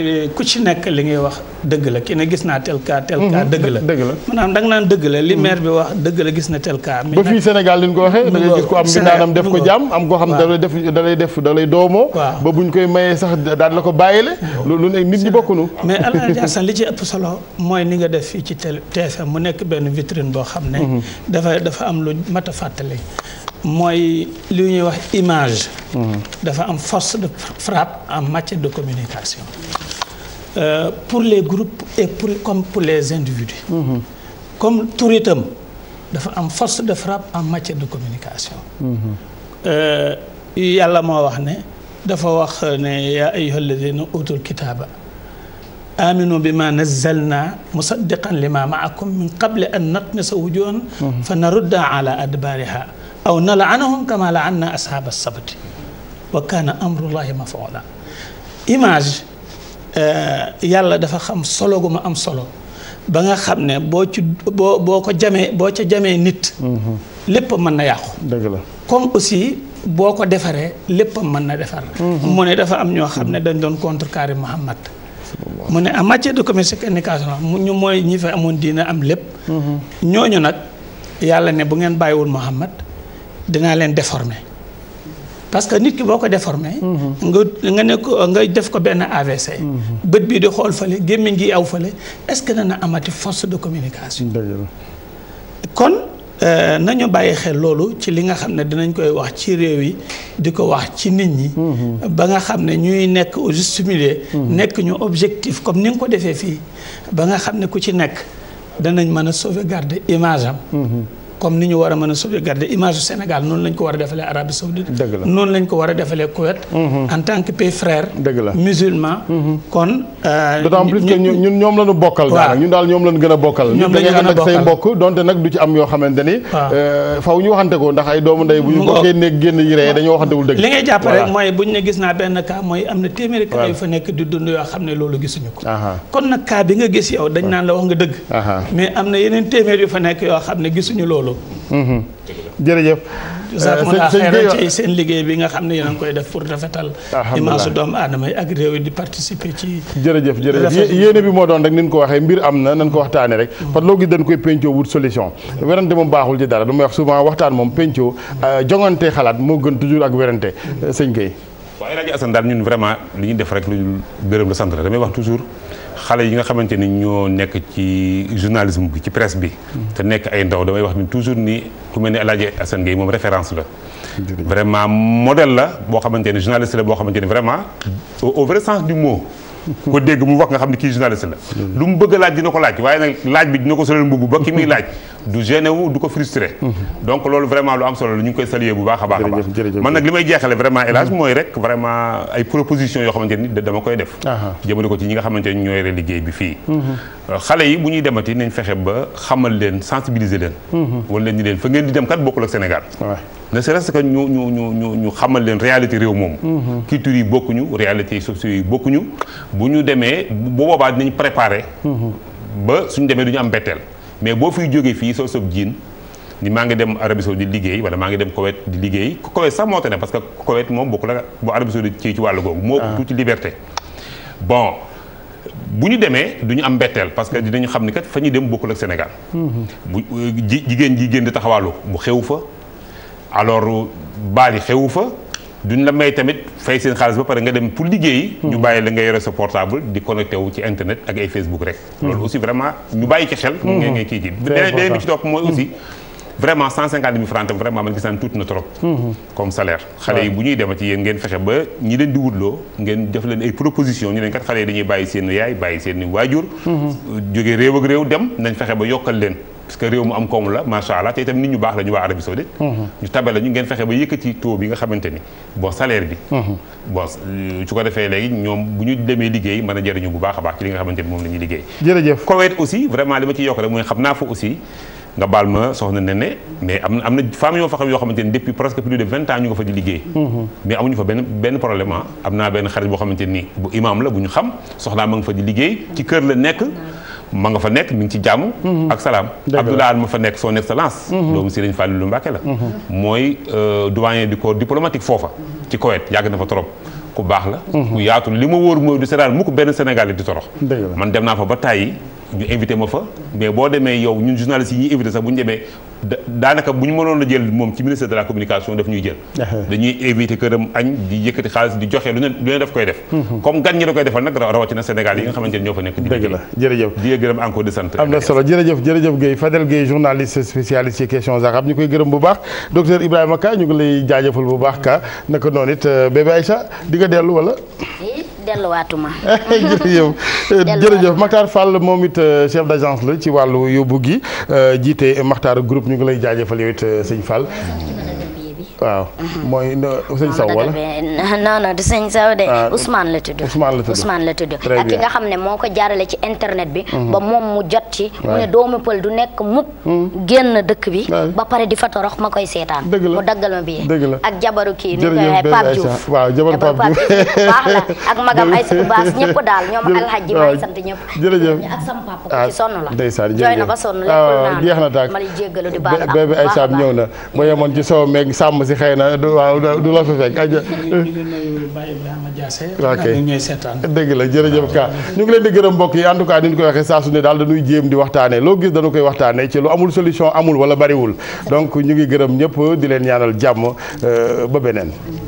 eh, ku ci nekk li ngay wax dëgg la ki ne gis naa tel cas tel cas mhm. dëgg la dëgg la maanaam da naan dëgg la li mhm. maire bi wax dëgg la gis na tel cas ba fii Sénégal ko waxee da ngay gis am mbindaanam ko jàmm am koo xam da lay def da lay def da lay doomoo koy mayee sax daal la ko bàyyile loolu nag nit ñi bokkunu mais Alaaji Assane li ci solo mooy ni nga def fii ci TFM mu nekk benn vitrine boo xam ne mhm. dafa dafa am lu mat a fàttali mooy li ñuy wax image. Mhm. dafa am force de frappe en matière de communication. Euh, pour les groupes et pour comme pour les individus. Mmh. comme touritam dafa am force de frappe en matière de communication. Mhm. Euh, yàlla moo wax ne dafa wax ne yaa ayyuha alladina utul kitaaba. aminu bi ma nazzalna musaddiqan lima maakum min qabli an natmisa mhm. fa narudda ala adbaariha aw nalaanahum kama laanna ashaaba sabt wa kaana amrullahi mafuula image yàlla dafa xam solo gu ma am solo ba nga xam ne boo ci boo boo ko jamee boo ca jamee nit lépp mën na yàqu dëgg la comme aussi boo ko defaree lépp mën na defar mu ne dafa am ñoo xam ne dañ doon contre contrecarrer Muhammad mu ne en matière de communication ñu mooy ñi fa amoon diina am lépp ñooñu nag yàlla ne bu ngeen bàyyiwul Muhammad dinaa leen déformer parce que nit ki boo ko déformé. Mhm. nga nga ne ko nga def ko benn AVC. Mhm. bët bii di xool fële gémmiñ gi aw fale est-ce que na amati force de communication. kon euh, nañu bàyyi xel loolu ci li nga xam ne dinañ koy wax ci réew yi di ko wax ci nit ñi. Mhm. ba nga xam ne ñuy nekk au juste milieu. nekk ñu objectif comme ni nga ko defee fii ba nga xam ne ku ci nekk danañ mën a sauvegarder image am. comme ni a mën a sauvegarder image Sénégal noonu lañ a defalee Arabie Saoudite dëgg la noonu lañ ko a mhm. mhm. kon euh, a bokkal a bokkal say nag du euh, bi nga gis yow dañ naan la wax nga dëgg mais am na yeneen téeméer yu fa nekk yoo xam ne gisuñu loolu Mhm. jërëjëf. jazakumullah euh, xayran ci seen liggéey bi nga xam ne yéen ngi koy def pour rafetal. imaasu doomu aadama yi ak réew ci. jërëjëf jërëjëf yéene bi moo doon rek ni ko waxee mbir am na nañ ko waxtaanee rek. Mm. parce que loo gis dañ koy pencoo wut solution. werante moom baaxul ci dara lu may wax souvent waxtaan moom pencoo mm. euh, jongante xalaat moo gën toujours ak werante mm. euh, sëñ Gueye. waaye rajo Assane daal ñun vraiment li ñu def rek lu gërëm la sant damay wax toujours. xale yi nga xamante ni ñoo nekk ci journalisme bi ci presse bi. te nekk ay ndaw damay wax ni toujours ni ku mel ni El Hadj Assane moom référence la. vraiment modèle la boo xamante ni journaliste la boo xamante ni vraiment au vrai sens du mot. ko dégg mu wax nga xam ne kii journaliste la mm-hmm. lu mu bëgg a laaj dina ko laaj waaye nag laaj bi dina ko solal mbubb ba ki muy laaj mm-hmm. du gêné du ko frustré mm-hmm. donc loolu vraiment lu am solo lu ñu ngi koy saluer bu baax a baax a baax man nag li may jeexale vraiment élage mooy rek vraiment ay proposition yoo xamante ni dama koy def jëmale ko ci ñi nga xamante ni ñooy yore liggéey bi fii xale yi bu ñuy demati nañ fexe ba xamal leen sensibiliser leen wan leen ni leen fa ngeen di dem kat bokkul ak Sénégal ne serait-ce que ñu ñu ñu ñu xamal leen réalité réew moom. Mhm. culture yi bokkuñu réalité sociaux yi bokkuñu bu ñu demee bu boobaa ñu préparer. Mhm. ba suñu demee du ñu am mbetteel mais boo fiy jógee fii soo soog jiin ni maa ngi dem Arabie Saoudite liggéey wala maa ngi dem Koweït di liggéey Koweït sax moo tax ne parce que Koweït moom bokk la bu Arabie ci wàllu googu. moo ah. tuuti liberté. bon bu ñu demee du am mbetteel parce que dinañu xam ni kat fa ñuy dem bokkul ak Sénégal. Mhm. bu euh, jigéen jigéen di taxawaalu bu xew fa. alors euh, baal yi xewu fa duñ la may tamit fay seen xaalis ba pare nga dem pour liggéey ñu bàyyi la nga yore sa portable di connecté wu ci internet ak ay Facebook rek. loolu aussi vraiment ñu bàyyi ci xel. Mm-hmm. ngeen kii ji beneen bi ci topp mooy aussi. vraiment 150 000 francs vraiment man gis naan tuuti na trop. Mm-hmm. comme salaire. xale bu ñuy demati yéen ngeen fexe ba ñi leen di wutloo ngeen def leen ay proposition ñu leen kat xale yi dañuy bàyyi seen yaay bàyyi seen waajur. Mm-hmm. jóge réew ak réew dem nañ fexe ba yokkal leen. parce que réew mu am koom la macha allah te nit ñu baax la ñu Arabie Saoudite mhm. ñu tabe la ngeen fexe ba yëkkati taux bi nga xamante ni salaire bi mhm. bon su ko defee léegi nga xam naa fa aussi nga baal ma soxna Nene mais am na am yoo fa xam yoo xamante depuis presque plus de vingt ans ñu nga fa di liggéey mhm. mais amuñu fa benn benn ah. am naa benn xarit boo xamante bu imam la bu ñu xam soxnaa ma nga fa di liggéey ci kër la nekk ma nga fa nekk mi ngi ci jàmm mhm. ak salaam Abdoulaye ma fa nekk son excellence mhm. doomu Serigne Fallou Mbacké la mhm. mooy euh, doyen du corps diplomatique foofa ci Koweït yàgg na fa trop ku baax la ku yaatu li ma wóor mooy du seetaan mukk benn Sénégalais di torox man dem naa fa ba tàyyi ñu invité ma fa mais boo demee yow ñu journalistes yi ñuy invité sax bu ñu demee daanaka bu ñu mënoon a jël moom ci ministre de la communication daf ñuy jël dañuy éviter këram añ di yëkkati xaalis di joxee lu ne lu ne daf koy def mhm. comme gan ñi da koy defal nag rawatina Sénégal yi nga xamante ne ñoo fa nekk dëgg la jërëjëf di gërëm encore de sant am na solo jërëjëf jërëjëf Guèye Fadel Guèye journaliste spécialiste ci questions arabes ñu koy gërëm bu baax docteur Ibrahima Ka ñu ngi lay jaajëfal bu baax ka naka noonu it euh, bébé Aïcha di delluwaatuma. Eh, jërëjëf eh, jërëjëf Makhtar Fall moom it euh, chef d' agence la ci wàllu yóbbu gi euh, jiite Makhtar groupe ñu ngi lay jaajëfal yow it euh, sëñ Fall. waaw mhm. mooy sëñ Saw wala non non du sëñ Saw de ah, Ousmane la tudd Ousmane la tudd Ousmane la tudd ak ki nga xam ne moo ko jaarale ci internet bi mhm. ba moom mu jot ci mu ne doomu pël du nekk mukk hmm. génn dëkk bi ba pare di fa torox ma koy seetaan mu daggal ma bi ak jabaru ak magam ay suñu baas ñëpp daal ah, na ba sonn la ah, jeex na tàkk ma lay jéggalu di baax bébé Aïssa ñëw na ba yemoon ci soow meeg sàmm si xëy na du waaw du la fi fekk. aja ok dëgg la jërëjëf ka ñu ngi leen di gërëm mbokk yi en tout cas ni ñu koy waxee saa su daal dañuy jéem di waxtaanee loo gis dañu koy waxtaanee ci lu amul solution amul wala bariwul donc ñu ngi gërëm ñëpp di leen ñaanal jàmm euh, ba beneen